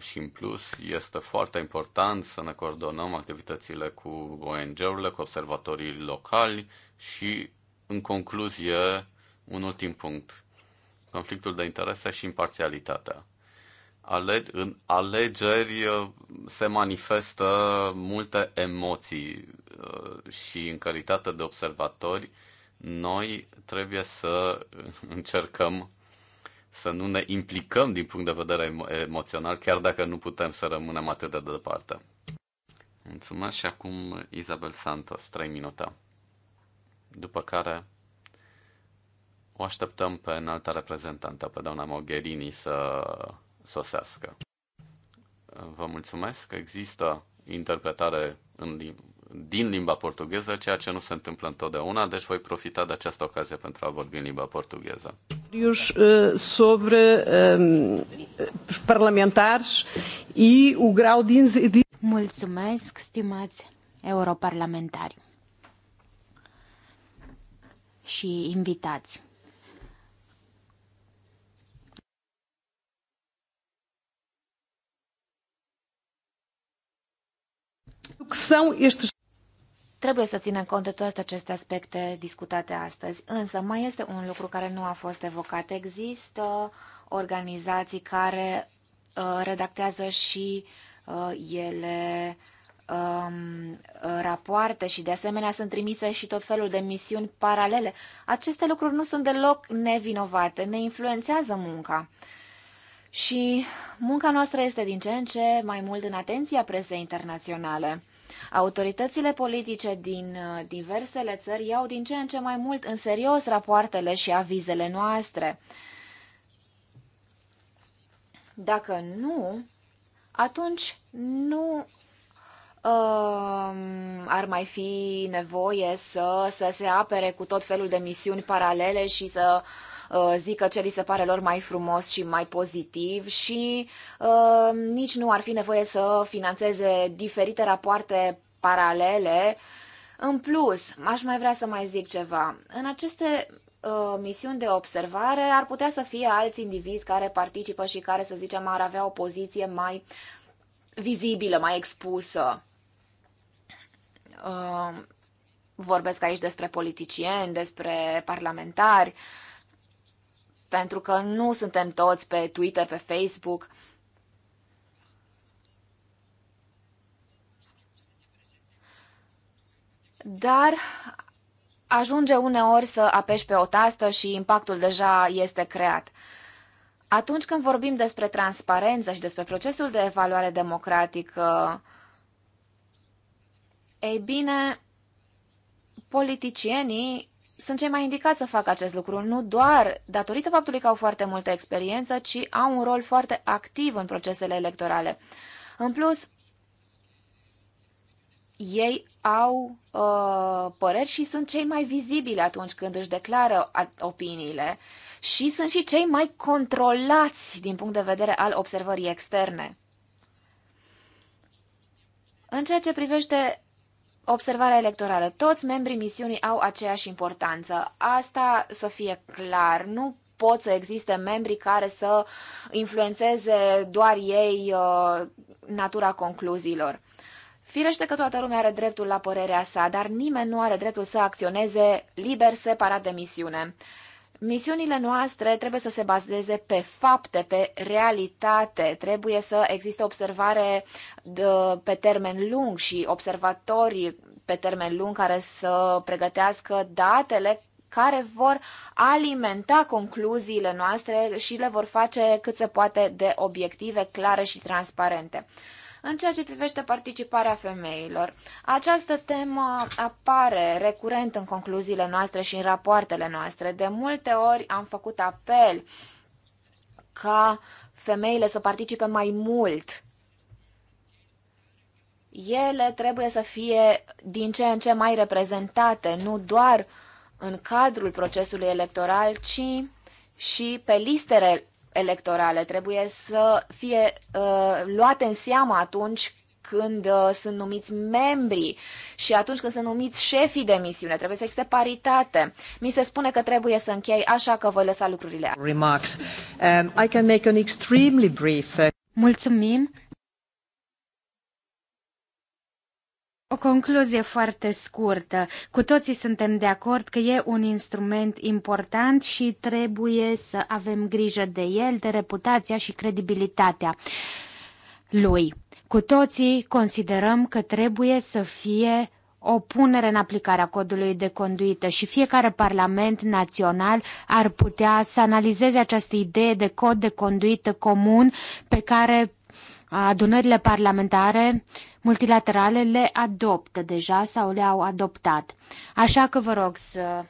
Și în plus este foarte important să ne coordonăm activitățile cu ONG-urile, cu observatorii locali și, în concluzie, un ultim punct. Conflictul de interese și imparțialitatea ale- în alegeri uh, se manifestă multe emoții uh, și în calitate de observatori noi trebuie să încercăm să nu ne implicăm din punct de vedere emo- emoțional, chiar dacă nu putem să rămânem atât de departe. Mulțumesc și acum Isabel Santos, 3 minute. După care o așteptăm pe înalta reprezentantă, pe doamna Mogherini, să sosească. Vă mulțumesc. că Există interpretare în lim- din limba portugheză, ceea ce nu se întâmplă întotdeauna, deci voi profita de această ocazie pentru a vorbi în limba portugheză. Uh, sobre um, parlamentares e o grau de... Mulțumesc, stimați europarlamentari și invitați. Trebuie să ținem cont de toate aceste aspecte discutate astăzi, însă mai este un lucru care nu a fost evocat. Există organizații care uh, redactează și uh, ele um, rapoarte și de asemenea sunt trimise și tot felul de misiuni paralele. Aceste lucruri nu sunt deloc nevinovate, ne influențează munca. Uh, și munca noastră este din ce în ce mai mult în atenția presei internaționale. Autoritățile politice din uh, diversele țări iau din ce în ce mai mult în serios rapoartele și avizele noastre. Dacă nu, atunci nu uh, ar mai fi nevoie să, să se apere cu tot felul de misiuni paralele și să uh, Uh, zică ce li se pare lor mai frumos și mai pozitiv și uh, nici nu ar fi nevoie să financeze diferite rapoarte paralele. În plus, aș mai vrea să mai zic ceva. În aceste uh, misiuni de observare ar putea să fie alți indivizi care participă și care, să zicem, ar avea o poziție mai vizibilă, mai expusă. Vorbesc aici despre politicieni, despre parlamentari pentru că nu suntem toți pe Twitter, pe Facebook. Dar ajunge uneori să apeși pe o tastă și impactul deja este creat. Atunci când vorbim despre transparență și despre procesul de evaluare democratică, ei bine, politicienii sunt cei mai indicați să facă acest lucru, nu doar datorită faptului că au foarte multă experiență, ci au un rol foarte activ în procesele electorale. În plus, ei au uh, păreri și sunt cei mai vizibili atunci când își declară opiniile și sunt și cei mai controlați din punct de vedere al observării externe. În ceea ce privește Observarea electorală. Toți membrii misiunii au aceeași importanță. Asta să fie clar. Nu pot să existe membri care să influențeze doar ei uh, natura concluziilor. Firește că toată lumea are dreptul la părerea sa, dar nimeni nu are dreptul să acționeze liber separat de misiune. Misiunile noastre trebuie să se bazeze pe fapte, pe realitate, trebuie să existe observare de, pe termen lung și observatorii pe termen lung care să pregătească datele care vor alimenta concluziile noastre și le vor face cât se poate de obiective, clare și transparente. În ceea ce privește participarea femeilor, această temă apare recurent în concluziile noastre și în rapoartele noastre. De multe ori am făcut apel ca femeile să participe mai mult. Ele trebuie să fie din ce în ce mai reprezentate, nu doar în cadrul procesului electoral, ci și pe listele electorale. Trebuie să fie uh, luate în seamă atunci când uh, sunt numiți membrii și atunci când sunt numiți șefii de misiune. Trebuie să existe paritate. Mi se spune că trebuie să închei, așa că voi lăsa lucrurile. Remarks. Um, I can make an extremely brief... Uh, Mulțumim. O concluzie foarte scurtă. Cu toții suntem de acord că e un instrument important și trebuie să avem grijă de el, de reputația și credibilitatea lui. Cu toții considerăm că trebuie să fie o punere în aplicare a codului de conduită și fiecare parlament național ar putea să analizeze această idee de cod de conduită comun pe care adunările parlamentare uh, multilaterale le adoptă deja sau le-au adoptat. Așa că vă rog să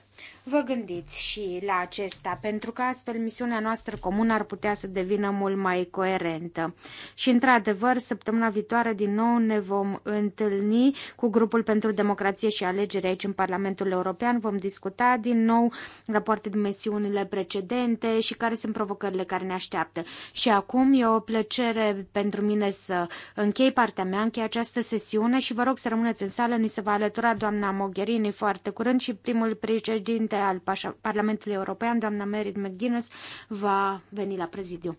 vă gândiți și la acesta, pentru că astfel misiunea noastră comună ar putea să devină mult mai coerentă. Și, într-adevăr, săptămâna viitoare din nou ne vom întâlni cu grupul pentru democrație și alegeri aici în Parlamentul European. Vom discuta din nou rapoarte de misiunile precedente și care sunt provocările care ne așteaptă. Și acum e o plăcere pentru mine să închei partea mea, închei această sesiune și vă rog să rămâneți în sală. Ni se va alătura doamna Mogherini foarte curând și primul președinte al Parlamentului European, doamna Merit McGuinness, va veni la prezidiu.